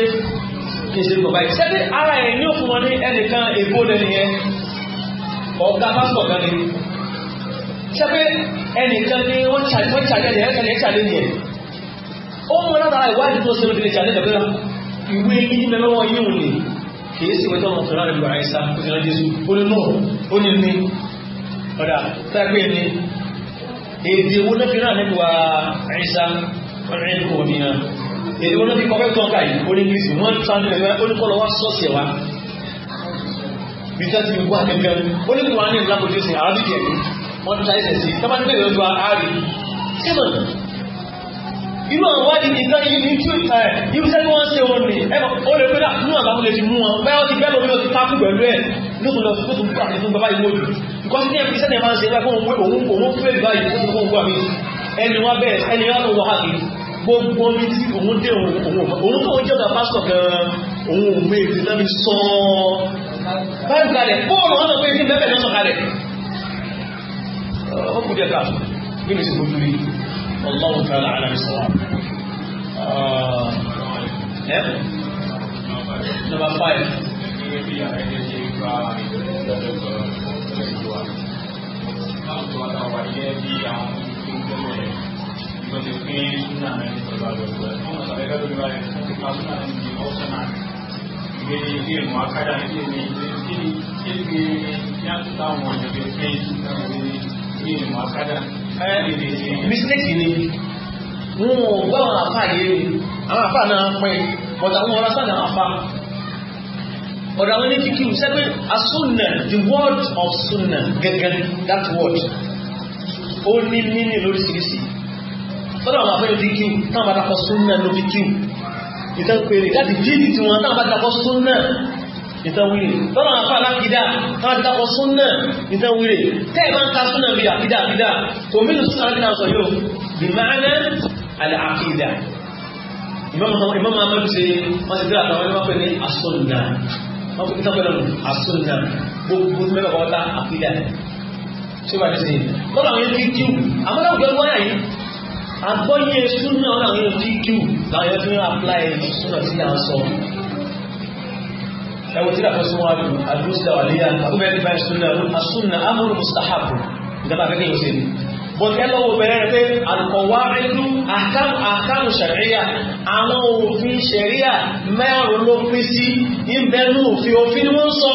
kì í ṣe gbọ̀ báyìí sẹ́ni ara ẹ̀ ní òfin wọn ní ẹnìkan ègbó lẹ́nu ọ̀gá pásítọ̀ kan ṣe pé ẹnìkan ni wọ́n ṣàlẹ́yìn ẹ̀ẹ́kẹ̀lẹ́ ṣàlẹ́yìn ẹ̀ ó mú látara ìwádìí tó ṣe ló délé ṣàlẹ́yìn ẹ̀kẹ́ ìwé yìí mẹ́lọ́wọ́ yìí wù ní kìí sì wọ́n tọ́mọ̀ fẹ́ràn ìlú àìsà ó ti rán Jésù ó ní náà ó ní ní ọ̀dà tágbé ni èdè owó náà fi rán nípa àìsà ọ̀rẹ́ ìlú òbí náà èdè owó náà fi kọ́kẹ́ tó ọ̀ka yìí ó ní Gírísì wọ́n ń tán nípa ó ní kọ́ lọ́wọ́ sọ́ọ̀sì wa bí ká ti wá gẹ́gẹ́ ó ní kò wá ní ìlànà wọ́n ta ẹsẹ̀ sí tọ́ba níbẹ̀ yóò gba ààrẹ símọ̀ irú àwọn wádìí ní ìtàn yìí ní tú ẹ̀ irú sẹ́ni wọ́n ṣe wọn ni ó lè pé nínú àbámu lè ti mú wọn báyọ̀ ti bẹ́ẹ̀ lómi ó ti tákù pẹ̀lú ẹ̀ lókun lọ fún òkú àti fún bàbá ìwòlù nǹkan tí ní ẹ̀kú sẹ́ni máa ń ṣe bá fún òun òun fún èdè báyìí fún òun wà mí ẹni wọn bẹ́ẹ̀ ẹni wọn lọ wà kí gbogbo omi tí òun dé òun òun tó ń jẹ́ ọ̀gá pásítọ̀ gan òun òun èdè náà sọ báyìí kalẹ̀ bóòlù wọn lọ pé ní bẹ́ẹ̀ bẹ́ẹ̀ lọ́sọ̀ kalẹ̀ ó kù díẹ̀ káàtó nínú ìsìnkú lórí ọlọ́run tí a là àlàyé sọ wà. ẹ nọ́mbà five. gẹ́gẹ́ bí àwọn ẹgbẹ́ ṣe gba ìdọ́dọ̀gbọ̀ lẹ́yìn wa láwùjọ àtàwọn ẹgbẹ́ bí àwọn tó ń gbọ́ rẹ̀ ìgbọ́n ti pín súnà náà ní ìjọba lọ́wọ́ ẹ̀ wọ́n sọ̀rọ̀ ẹgbẹ́ lórí wa rẹ̀ wọ́n ti pa súnà náà ní ọ̀sán náà ìgbé ilé ìmọ̀ akádà ilé ìgbé ilé ìgbé yàtọ̀ táwọn ọ̀jọ̀gbẹ́ pín súnà náà mistake ni wọn ò gbọ́ àwọn àfà yìí ni àwọn àfà náà pẹ́ bọ̀dà wọn ọlọ́sàn náà àfà ọ̀dà wọn ní kíkí sẹ́gbẹ́ asúnà the word of sunna gẹ́gẹ́ that word ó ní níní lóríṣiríṣi tọ́lá àwọn afẹ́lẹ́ fi kíw táwọn bá dákọ̀ sunna ló fi kíw ìtàn péré láti díìdì tí wọn táwọn bá dákọ̀ sunna ìtànwìrì tọ́nà àfà alákìdá tọ́nà ti takọ̀ súnnà ìtànwìrì tẹ́ẹ̀bá ń ta súnnà bí àkídà àkídà tó mínú súnnà àkídà sọ yóò bí máàlẹ́ àkídà imam ahmed ṣe wọ́n ti gbé àtàwọn ẹni wọ́n pè ní asúnnà wọ́n pè ní asúnnà gbogbo mẹ́fà kọ́ta àkídà tí ó bá ti sìn lọ́nà àwọn ẹni kíkú àmọ́ náà gbẹ́gbọ́ yà yìí agbọ́yé súnnà àwọn ẹni kíkú làwọn ẹni fi ń apply súnnà sí àwọn sọ ẹwọ tí dàpọ̀ sún wájú àdúrósílẹ̀ wàlíyà àkúbẹ̀ ní báyìí súnà àsúnà amúrù mustahabu ìjọba akẹ́kẹ́ yóò ṣe ní. bọ́n ẹ lọ́wọ́ bẹ̀rẹ̀ pé àlùkọ̀wá ẹlú àkàmù ṣẹ̀ríyà àwọn òfin ṣẹ̀ríyà mẹ́rùn ló pín sí ìbẹ́nu òfin òfin ni wọ́n sọ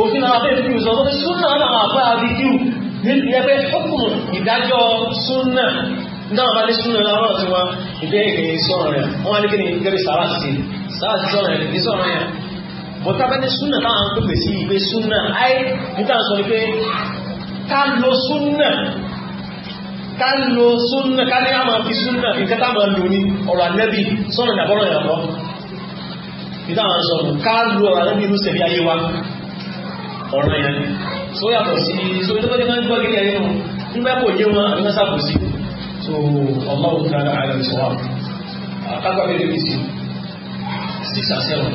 òfin àwọn afẹ́ ìfìyù sọ pé súnà àwọn àbá àbíkú nílùú ẹgbẹ́ fọ́kùn ìdájọ́ súnà náà bá ní súnà lọ́rọ̀ tí wọ́n ìbéèrè sọ̀rọ̀ rẹ̀ wọ́n wá ní kí ni gẹ́gẹ́ bí sàrà sí sàrà sí sọ̀rọ̀ rẹ̀ ní sọ̀rọ̀ yẹn bọ̀tàbẹ́ ní súnà táwọn tó pèsè ìgbé súnà ayé níta sọ ní pé ká lo súnà ká lo súnà ká ní àmà fi súnà nǹkan táwọn lò ní ọ̀rọ̀ ànẹ́bí sọ́nà ìdàbọ̀rọ̀ ìrànlọ́ níta wọn sọ ká lo ọ̀rọ̀ ànẹ́bí inú sẹ̀bí ayé wa ọ̀rọ̀ yẹn so yàtọ̀ sí so tó bá dé máa ń gbọ́ kékeré nù nígbà kò yé wọn àti mẹ́sà kò sí so ọlọ́run kára àlẹ́ sọ́wọ́ àkágbà bẹ́ẹ̀ lè fi sí six and seven.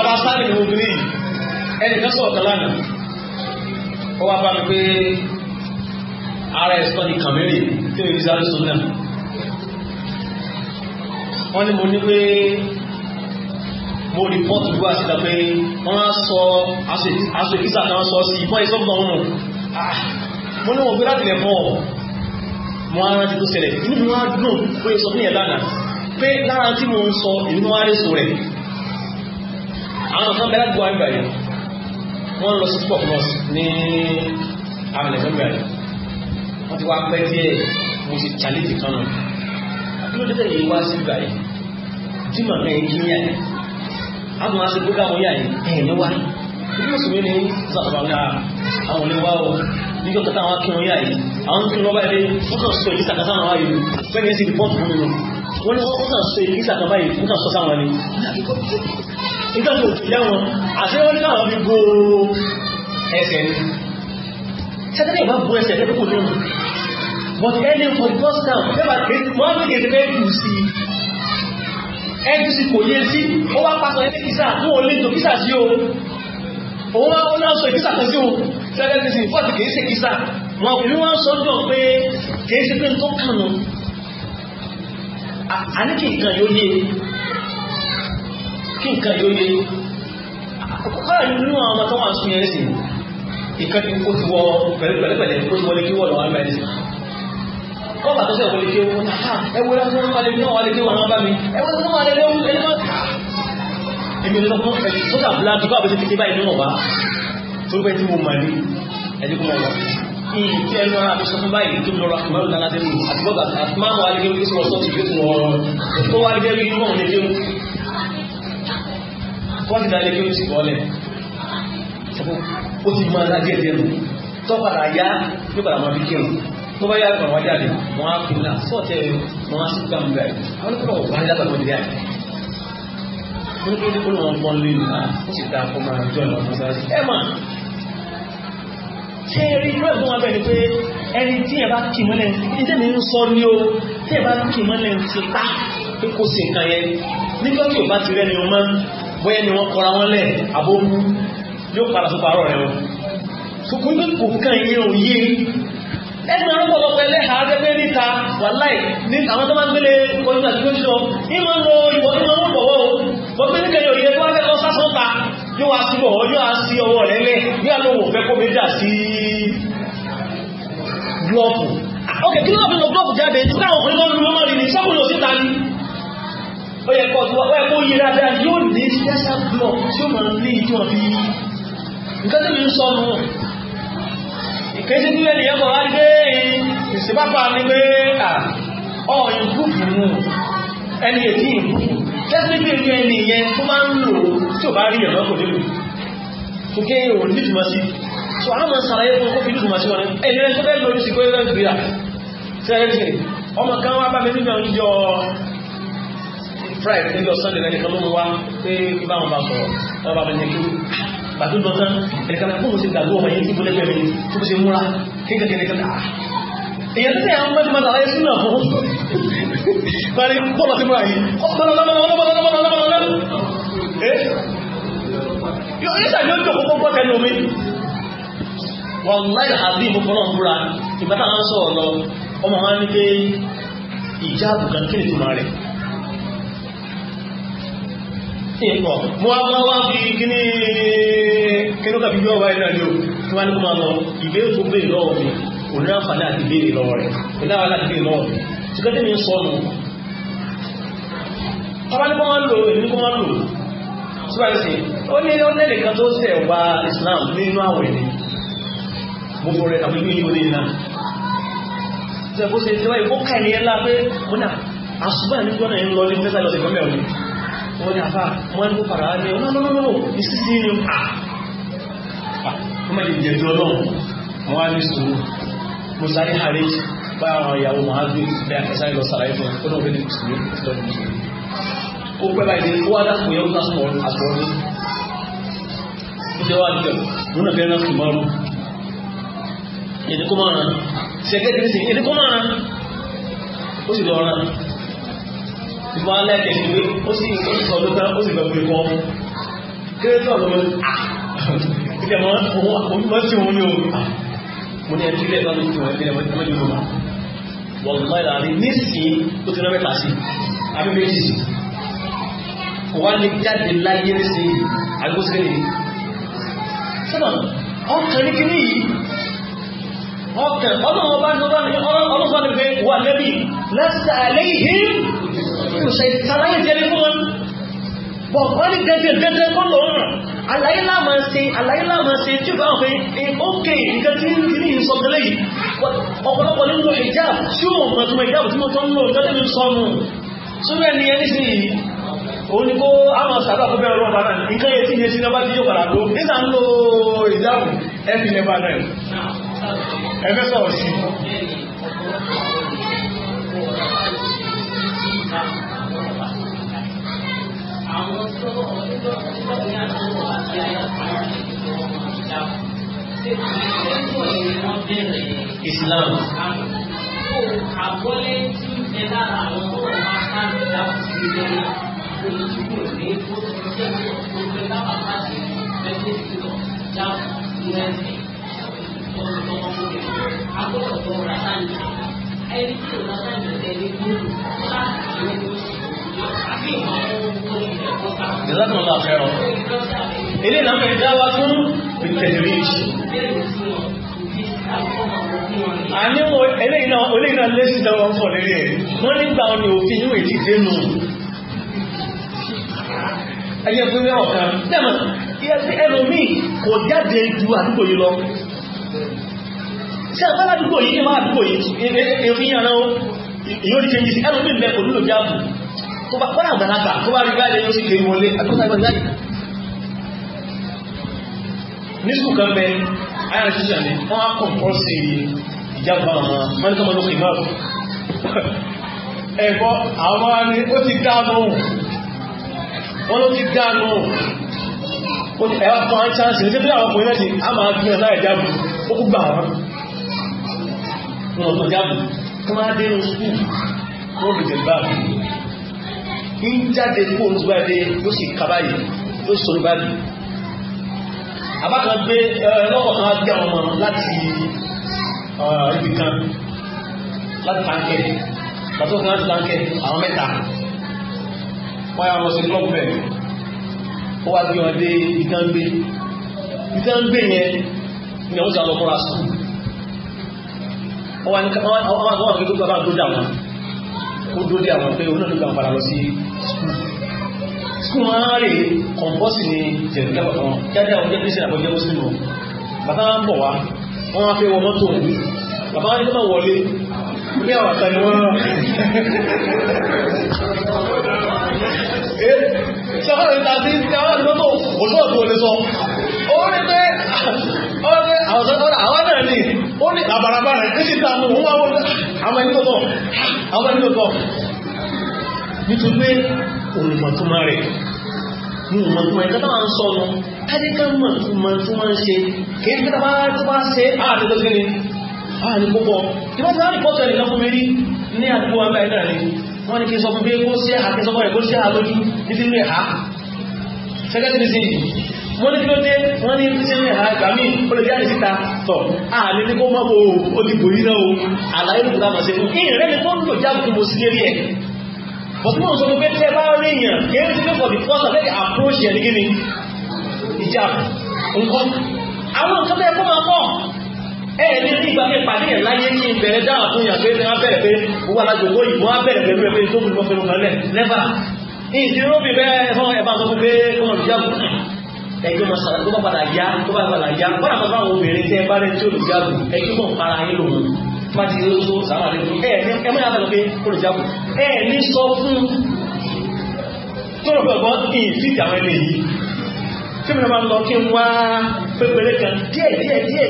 ọ̀dà sáàdì ni mo fi yìí ẹnì kan sọ̀rọ̀ kan lánàá ó wá bá mi pé ara ẹ̀ sọ́ni kàmẹ́rì tí mo fi sáré sùn náà wọ́n ní mo ní pé mo rìpọ́tù gbọ́ àṣìta pé wọ́n á sọ aṣọ ìkísà kan sọ sí ìbọn ìsọ́gbọ̀n ọ̀nà mo ní wọ́n gbé láti lẹ̀ mọ́ mo á rántí tó ṣẹlẹ̀ inú mi wá dùn pé sọ fún yẹn lánàá pé lára tí mo ń sọ ìlú wọn á rí sùn rẹ̀ àwọn kan bẹ́lá gbọ́ àgbà yìí wọ́n lọ sí pop loss ní amẹ̀lẹ́gbẹ̀gbà yìí wọ́n ti wá pẹ́ díẹ̀ mo ti challenge kan náà akílódé tẹ̀lé wá sí ìgbà yìí tí màmá yìí kí yá yìí àwọn aṣọ gbọ́dọ̀ àwọn yá yìí ẹ̀yìn ló wá ibi oṣù mi ni sàtàbà náà àwọn olè wá o níjọ́ kẹta àwọn akínwó yá yìí àwọn tó ń lọ báyìí wọ́n ní wọ́n kàn ṣe ìgbésà kan báyìí wọ́n kàn sọ sáwọn ni nígbà tó ti wọn àti wọ́n ní káwọn fi gbó ẹsẹ̀ ni sẹ́tẹ́lẹ̀ ìbá bu ẹsẹ̀ lẹ́kọ̀ọ́ lóhùn but ẹni for the first time lẹ́bàá kéde wọ́n á fi kéde fẹ́ kù sí i ndc kò yé sí ó wá pàṣẹ ẹni kìsà mú òun tó kìsà sí o òun wá ó náà sọ ìkìsà kan sí o sẹ́tẹ́lẹ̀ ti sìn fọ́ọ̀tì kìí kìsà wọn kò ní wọ́n sọ àní kí nǹkan yóò yé kí nǹkan yóò yé kọ́kọ́ nínú àwọn ọmọ tó wà ń sún yẹn sí ìkan tí ó ti wọ pẹ̀lú pẹ̀lẹ́pẹ̀lẹ́ ó ti wọlé kí wọ́n lọ wá bẹ̀rẹ̀ sí kọ́ba tó sẹ̀ wọlé kí wọ́n ẹ wọ́n lọ́wọ́ tó wọlé kí wọ́n lé kí wọ́n lọ́wọ́ bá mi ẹ wọ́n tó wọlé lọ́wọ́ ẹ lọ́wọ́ èmi ò lọ́wọ́ ẹ̀ sọ́dà bùlá dùgbà bó ti fi ké báyìí nínú ọ̀bá tó bẹ́ẹ̀ tí mo mọ̀ ìfẹ́ ẹnu ara mi sọ fún báyìí tó lọ́rọ̀ àtìmáwò náà láti mú àtìgbọ́gbà àtìmáwò alẹ́gbẹ́ bí sọ̀rọ̀ sọ́ọ̀tì yóò tún wọ́n tó wá lẹ́gbẹ́ bí wọ́n lè léwu fọ́ọ̀tì náà lẹ́gbẹ́ ó ti bọ́ lẹ̀ ó ti máa dá díẹ̀ díẹ̀ nù tó padà yá ní padà máa fi kírun tó bá yá ní padà wá jáde wọ́n á fi náà sọ́ọ̀tẹ̀ wọ́n á sì gbà mú bẹ́ẹ̀ àwọn ìpínlẹ̀ ọ̀gbọ́n á dábàá lọ́dẹ̀ yá nítorí ó lọ́wọ́ pọ́n lé nù á ó sì dá ọmọ àjọ ìlọ́mọ ṣe rí irú ẹ̀gbọ́n wọn bẹ̀rẹ̀ pé ẹni tí ẹ bá kì mọ́lẹ̀ ní tẹ́lẹ̀ ń sọ ní o tí ẹ bá kì mọ́lẹ̀ ti pa pé kò sí nǹkan yẹn nígbà tí ò bá ti rẹ́ni wọn máa bóyá ni wọ́n kọra wọn lẹ̀ abóhùn yóò padà tó parọ́ rẹ̀ wọn. ṣùgbọ́n pé kò kàn yín ò yé ẹgbẹ́ ọ̀pọ̀lọpọ̀ ẹlẹ́hà gẹ́gẹ́ níta wàláì ní àwọn tó máa ń gbélé ojú àti lójú lọ ìmọ̀ ń lo ìwọ̀ ìmọ̀ ń bọ̀wọ́ o wọ́n nígbà yóò yẹ kó wá fẹ́ lọ sásán ta yóò wá sí ọwọ́ yóò wá sí ọwọ́ lẹ́lẹ́ yóò lóòwò fẹ́ kó méjà sí glọ́ọ̀pù ok kí ló lọ glọ́ọ̀pù jáde tí káwọn ọkùnrin lọ́nà lọ́mọ rí ní sẹ́kùn lọ síta ní ó yẹ kọ́ tí wọ́n kó yí dáadáa yóò ní special glove tí ó máa ń ní ìtú ọ̀bí nǹkan tí mi ń sọ nù ìkéjì tí lẹ́nu yẹn kọ̀ wá dé ìsìnbápa ni pé ọ̀yìn kúfù nù ẹni ètí tẹ́sílẹ̀ pẹ̀lú ẹni yẹn tó máa ń lò tí ò bá rí ẹ̀rọ kò nílò tó gé ìwò nítumọ̀ sí so a máa sàlàyé fún kófí nítumọ̀ sí wọn ẹni rẹ̀ tó bẹ́ẹ̀ lórí sí kó ẹgbẹ́ ìgbéra sẹ́rẹ́sì ọmọ kan wá bá mi nígbà níjọ friday níjọ sunday lẹ́yìn kan ló mú wá pé kí bá wọn bá sọ̀rọ̀ wọn bá mi ní kí bàtú lọ tán ẹ̀ka náà fún mi sí gbàgbọ́ ọmọ yẹn tí mo lẹ́gbẹ̀ẹ́ mana mana mana mana mana pola Oh, èyàn tẹ́tẹ́ àwọn mẹ́fẹ́ mẹ́ta láyé súnà fún láàrin bukan sí múra yìí ọ̀pọ̀lọ̀lọ́lọ́lọ́lọ́lọ́lọ́lọ́lọ́lọ́lọ́ Ìpọ̀, mo wá wá wá fi kí ní kí ní ó kàbí bí ọwá ìrìnàjò tí wá ní kó máa lọ ìgbé òkú gbé ìlọ́ ọ̀fẹ́ o ní àǹfààní àti béèrè lọ́wọ́ rẹ̀ kò ní àǹfààní àti béèrè lọ́wọ́ rẹ̀ ṣùgbọ́n tẹ́mi ń sọ nù ọba ní kó máa ń lò èmi kó máa ń lò síwájú sí ó ní ọ̀nẹ́lẹ̀ kan tó ṣẹ̀ wá Islam nínú àwẹ̀ ni mo fọ rẹ̀ àbí yíyí olè náà ní gbọ́nà ń lọ ní mẹ́ta lọ sí gbọ́mẹ̀ òní wọ́n ní àfà wọ́n ní ní ah! ah, ọ̀nà ọ̀nà mo sáré hàrí bá àwọn ìyàwó mohamed bẹ́ẹ̀ akẹ́sáré lọ sàlàyé fún un ó náà fẹ́ ní mùsùlùmí tọ́jú mùsùlùmí ó pẹ́ báyìí ó wá dásìkò yẹn ó dásìkò àtọ̀ ní ìjọba àjọ múnà fẹ́ náà tùmọ́ rú ẹ̀dẹ́kọ́ máa ṣẹ́gẹ́ tí ń sìn ẹ̀dẹ́kọ́ máa ó sì lọ rán ìmọ̀ alẹ́ kẹ̀kẹ́ pé ó sì sọ ló tán ó sì lọ pé kọ́ kéré tọ̀ lọ́wọ́ ilẹ̀ mọ́ tí òun ní o mo ní ẹbí lẹ́ẹ̀bá ló ti wọ̀ ẹbí lẹ́ẹ̀bá ló ti wọ̀ wọ́n lọ́wọ́ ìlànà nísìnyí ó ti rán mẹ́ta sí àbí méjì sí kò wá ní jáde láyé nísìnyí àgbóṣe lè sábà ọkàn ní kíní yìí ọkàn ọlọ́wọ́ bá ní ọlọ́wọ́ bá ní pé wà lẹ́bí lẹ́sà lẹ́yìn yóò ṣe tàlàyé jẹ́ fún wọn bọ̀ wọ́n ní gẹ́gẹ́gẹ́gẹ́ kọ́ lọ rán àlàyé láàmà ṣe àlàyé láàmà ṣe tí ó bá wọ́n pé ókè eh, nǹkan tí ní ìsọ̀tẹ́lẹ̀ yìí ọ̀pọ̀lọpọ̀ nínú hijab tí ó mọ̀ tó mọ̀ hijab tí mo tọ́ ń lò tọ́lẹ̀ mi sọnù sórí ẹni ẹni sí yìí òun ni kó àmà sàdá tó bẹ̀rẹ̀ lọ́wọ́ náà nǹkan yẹn tí yẹn sí náà bá ti yóò padà lò nígbà ń lo hijab ẹbí lẹ bá náà ẹfẹ́ sọ̀rọ̀ sí àwọn tó ọdún tó ní àtúntò àti àwọn ìdílé wọn ìjà ṣé ìgbésẹ̀ yìí wọ́n bẹ̀rẹ̀ Islam. àbúrò àbọ̀lé tí ń bẹ lára àwọn tó wà máa ń dá sí ilé náà olùdókòwò ní ó ti jẹ́ gbogbo lábàá láti ẹgbẹ́ ìlọ já ìrẹsì ọ̀dọ́mọkùnrin agbọ́dọ̀ tó rà sáyẹn ẹni tí ò rà sáyẹn ẹni tó rà sáyẹn ẹni tó Ele não جزاكم الله خيرا إلينا من دعوة بالتدريج àní eléyìnà oléyìnà lẹ́sí ìdáwọn ọ̀pọ̀ lérí ẹ̀ wọ́n nígbà ọ̀nà òfin yíò èdè dénú ẹyẹ fún ẹwọ̀ kan tẹ́mọ̀ ẹnu mi kò jáde ju àdúgbò yìí lọ sí àbáládúgbò yìí ní máa àdúgbò yìí èyí ó ní ṣe yìí sí ẹnu mi lẹ́kọ̀ọ́ nílò jáàbù tó bá kọ́nà àgbàlagbà tó bá rí báyìí yóò sì kéré wọlé àtúntà ìgbà ìgbàlè. ní sùkúù kan bẹ ayára ṣíṣà ni wọ́n á kọ̀ pọ́ sí ìjábọ̀ àwọn mọ́nìkàmọ́ lókè máa fún ẹ̀kọ́ àwọn ni ó ti dáàmù wọ́n ló ti dáàmù ẹwà fún àwọn chánsì ní pílà ọkùnrin náà ti a máa fi ọ̀lá ìjábù ó kú gbà wọ́n wọ́n tó jábù kí wọ́n á dé ní skúù wọ́n lè jẹ̀ báàbù ń jáde kó ń zuba ẹdẹ yóò sì kaba yìí yóò sọ nípa bí. abákan gbé lọ́wọ́ kan gbé àwọn ọmọ láti ibi kan láti tànkẹ́ pàtó kan láti tànkẹ́ àwọn mẹ́ta wọ́n yà wọ́n sí klọ́ọ̀bù bẹ́ẹ̀ ó wá gbé wọn dé ìtàn gbé ìtàn gbé yẹn ni àwọn sọ àwọn ọkọ̀ rà sùn. wọ́n wá ní káwọn àwọn àwọn àgbẹ̀ tó kọ́ bá tó dà wọn ó dúró dé àwọn pé onílù kan fara lọ sí skul skul máa rè kọ̀m̀pọ́sì ní jẹ̀rùkẹ́ pàtàkì wọn jáde àwọn jẹ́bí sínú àbọ̀jẹ́ mùsùlùmù bàtà ń bọ̀ wá wọ́n wá fẹ́ wọ mọ́tò bàbá wọn ní kọ́ eh, ìtàdí ti àwọn àdúgbò tó òṣùwọ̀n tó wọlé sọ ó rí pé ọdẹ àwọ̀sọ́dọ́dọ́ àwọn náà ní ó ní àbàràbàrà títí tààmù wọn wá wọn àwọn ẹni tó tọ̀ àwọn ẹni tó tọ̀ nítorí pé olùmọ̀túnmá rẹ̀ ní ìmọ̀túnmá ẹ̀kọ́ tó máa ń sọ nu kájíká mọ̀túnmá tó máa ń ṣe kìí pé tàbá tó bá ṣe ààrẹ tó gẹ́ni ààrẹ púpọ̀ ìbá ti láti pọ̀tọ̀ ẹ̀nìkan fún mi rí ní àdúgbò wa wọ́n ní kí ló dé wọ́n ní ṣe ní ẹ̀hà ìgbà míì ó lè jáde síta tọ̀ àlè ní kó mọ́ o ó ti bòrí náà o àlàyé ló dáná sí fún ìyìn rẹ̀ ni kó lò já kí mo sí lérí ẹ̀ bọ̀tí mò ń sọ pé tẹ́ bá rí èèyàn kéré sí pé for the first of all approach yẹn ní kí ni ìjà nǹkan àwọn nǹkan bẹ́ẹ̀ kó máa pọ̀ ẹ̀ẹ́dì ní ìgbà mi pàdé ẹ̀ láyé ní ìbẹ̀rẹ̀ dáhà fún ìyàgbé ní wọ́n bẹ̀rẹ̀ pé gbogbo alájòkó ìbò wọ́n bẹ̀rẹ̀ pẹ̀lú ẹgbẹ́ tó kùn lọ́fẹ́ lọ́fẹ́ lẹ́ nẹ́fà ìdíròbì bẹ́ẹ̀ fún ẹ̀bá sọ pé kọ́mọ̀ ìjáàbù ẹjọ́ mọ̀ sàrà tó bá padà yá tó bá padà yá bọ́dà mọ̀ fáwọn obìnrin tẹ́ bá rẹ̀ tí olùjáàbù ẹjọ́ mọ̀ para yín lòun bá ti yóò tó sàrà rẹ̀ fún ẹ̀ ní ẹmọ́ yàtọ̀ pé olùjáàbù ẹ̀ ní sọ fún tó rọ̀ gbọ́gbọ́ ìyìn sí ìjàwọn ẹni yìí tí mi máa ń lọ kí n wá pépéré kan díẹ̀ díẹ̀ díẹ̀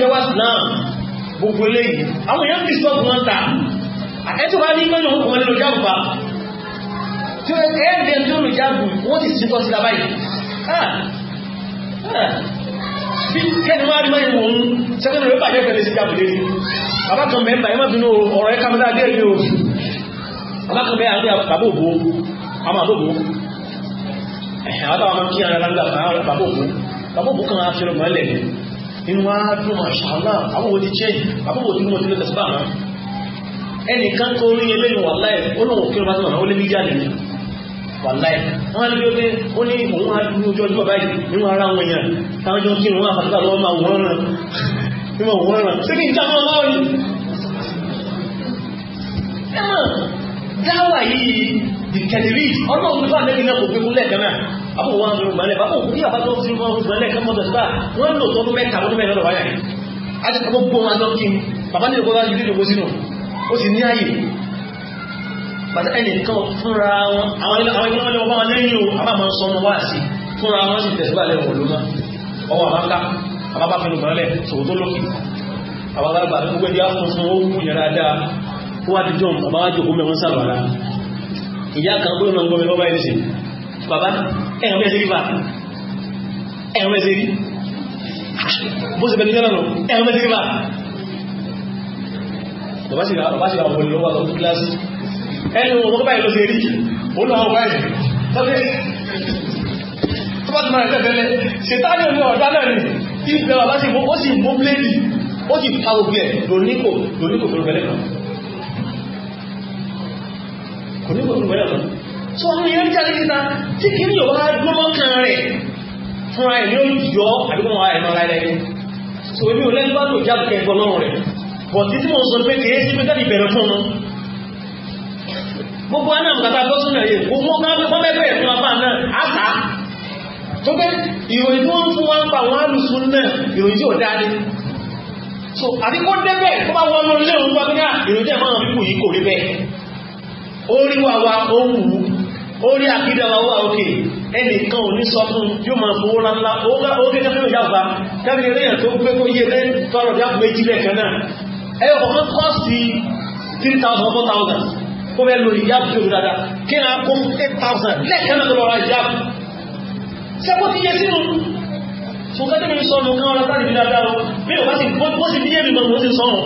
díẹ̀ díẹ̀ díẹ̀ gbogbo eléyìí àwọn èèyàn bíi sọ́ọ̀bù náà ta ẹ̀tọ́ bá ní mẹ́nu ọmọ nílò jáàbù bá tí ó ẹ̀ ẹ́ tí ó lò wọ́n ti sìnkọ́ sí labáyì bí kẹ́ni wá rí mẹ́rin wọ̀n sẹ́kẹ́ni rẹ̀ bàjẹ́ pẹ̀lú sí jáàbù lé bàbá mẹ́mbà ẹ̀ má ọ̀rọ̀ ẹ̀ kámẹ́rà dé o ẹ̀hìn kí inú wá dùn àṣàlá àbúwò ti change àbúwò tí mo ti lè tẹ̀síbà mọ́ ẹnìkan tó rí eléyìí wà láì olóhùn kí ló bá tó wà ó lé mídíà nìyí wà láì wọn á lè gbé ó ní òun á dúró ojú ọjọ́ báyìí nínú ara wọn yẹn táwọn jọ kí wọn àfàtúntà lọ́wọ́ máa wọ́n rán nínú wọ́n rán sí kí n jáwọ́ lọ́wọ́ ni. ẹ̀mọ̀ dáwà yìí the kẹ̀lẹ́rì ọlọ́run nípa lẹ́yìn náà kò gbé múlẹ̀ gan náà àbò wọn lò mọ́lẹ̀ bàbá òkú ní àbá tó ti wọ́n mọ́lẹ̀ kẹ́ mọ́tò síbá wọ́n lò tó mẹ́ta lọ́dún mẹ́rin lọ́wọ́ yẹn a ti kọ́ gbọ́n wọn lọ́kí bàbá ní ìgbọ́dá yìí lóko sínú ó sì ní ààyè bàtà ẹnì kan fúnra wọn àwọn ilé àwọn ilé wọn lọ́wọ́ wọn lẹ́yìn o àbá máa ń sọ ọmọ wá sí fúnra wọn sì tẹ̀síwá lẹ́wọ̀n ló má ọwọ́ àbáńká àbá bá fẹnu mọ́lẹ̀ sòwò tó lókì àwọn alágbà gbogbo ẹni á fún fún ó mú yàrá dáa ó wá dijọ́ àbáwájú òkú mẹ́wọ́n sálọ̀ ìyá kan gbọ́dọ̀ náà gbọ́ mi lọ́wọ́ ẹni sí bàbá ẹ̀rọ mẹ́sẹ̀ rí bá ẹ̀rọ mẹ́sẹ̀ rí bó ṣe bẹ̀rẹ̀ lọ́nà ẹ̀rọ mẹ́sẹ̀ rí bá bàbá sì ra ọmọ ìlọ́wọ́ àwọn kíláàsì ẹni wọn lọ́kọ́ báyìí ló ṣe rí òun náà báyìí tọ́lẹ̀ tó bá ti máa ẹ̀kẹ́ tẹ́lẹ̀ ṣètáni òní ọ̀dá náà ni ìgbẹ́ bàbá sì mú ó sì mú bléèdì ó sì pa ògbẹ́ lóníkò lóníkò fún ìbẹ̀lẹ̀ kan tó ní yẹn jáde níta tí kì í yọ̀ wá gbọ́mọ́ kan rẹ̀ fúnra ẹ̀ ní olùjọ́ àdúgbò wọn ẹ̀ máa láyé ní so èmi ò lẹ́nu bá lò já kẹ́ ẹ̀gbọ́n náà rẹ̀ bọ̀ títí mo sọ pé kìí sí pé jáde ìbẹ̀rẹ̀ fún un gbogbo aná àbùkátà gbọ́sùn náà yẹ gbogbo ọmọ ọmọ ẹgbẹ́ ẹ̀fún apá náà àtà tó pé ìròyìn tí wọ́n fún wa ń pa àwọn alùsùn náà ìròyìn tí ò dáa ní so àdíkó débẹ̀ tó bá wọ́n lórí lẹ́rùn gbàgbé náà ìròyìn tí ẹ̀ máa ń fi kù yìí kò rí bẹ́ẹ̀ ó rí wàwá ó wù ú orí àkídà wa wà òkè ẹnìkan ò ní sọ fún yóò máa fowó lánlá oókè kẹfẹ́lẹ̀ jáfà kẹfẹ́lẹ̀ rẹ̀yàn tó gbé tó yé rẹ̀ tọrọ jáfà méjì lẹ́ẹ̀kan náà ẹyọ kọ̀ọ̀kan kọ́ sí 3,000 4,000 kó bẹ́ẹ̀ lórí jáfà tó dada kí a kó 8,000 lẹ́ẹ̀kan náà lọ́ra jáfà sẹ́kọ́ ti yé sínú ṣùgbọ́n tí mi sọ nù kan ọlọ́tà nìbi dada o mi ò bá sì bó sì díyé mi mọ̀ mo sì sọ̀rọ̀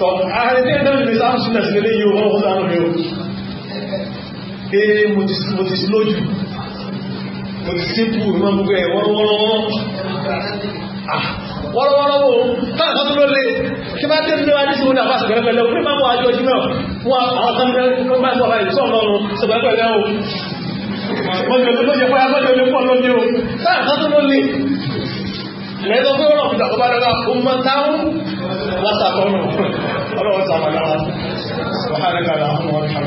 tọ́ ààrẹ tí ẹ pé mo ti sí mo ti sí lójú mo ti sí pù ìmọ̀ gbogbo ẹ̀ wọ́rọ́wọ́rọ́wọ́ táà kan tó ló lé tí bá dé nílé wájú sí wọn àbá sọ̀rọ̀ pẹ̀lẹ́ òun ní máa wọ́n àjọ jùlọ wọ́n àwọn kan tó bá sọ̀rọ̀ báyìí sọ̀rọ̀ ọ̀run sọ̀rọ̀ pẹ̀lẹ́ o wọ́n jẹ́ ló jẹ́ pé agbọ́jọ́ ló pọ̀ lónìí o táà kan tó ló lé lẹ́tọ́ pé ọ̀rọ̀ ìgbà tó bá dọ́gba ó mọ táwọn wọ́n sàkọ́nù ọlọ́wọ́ sàmàdára wọ́n hàn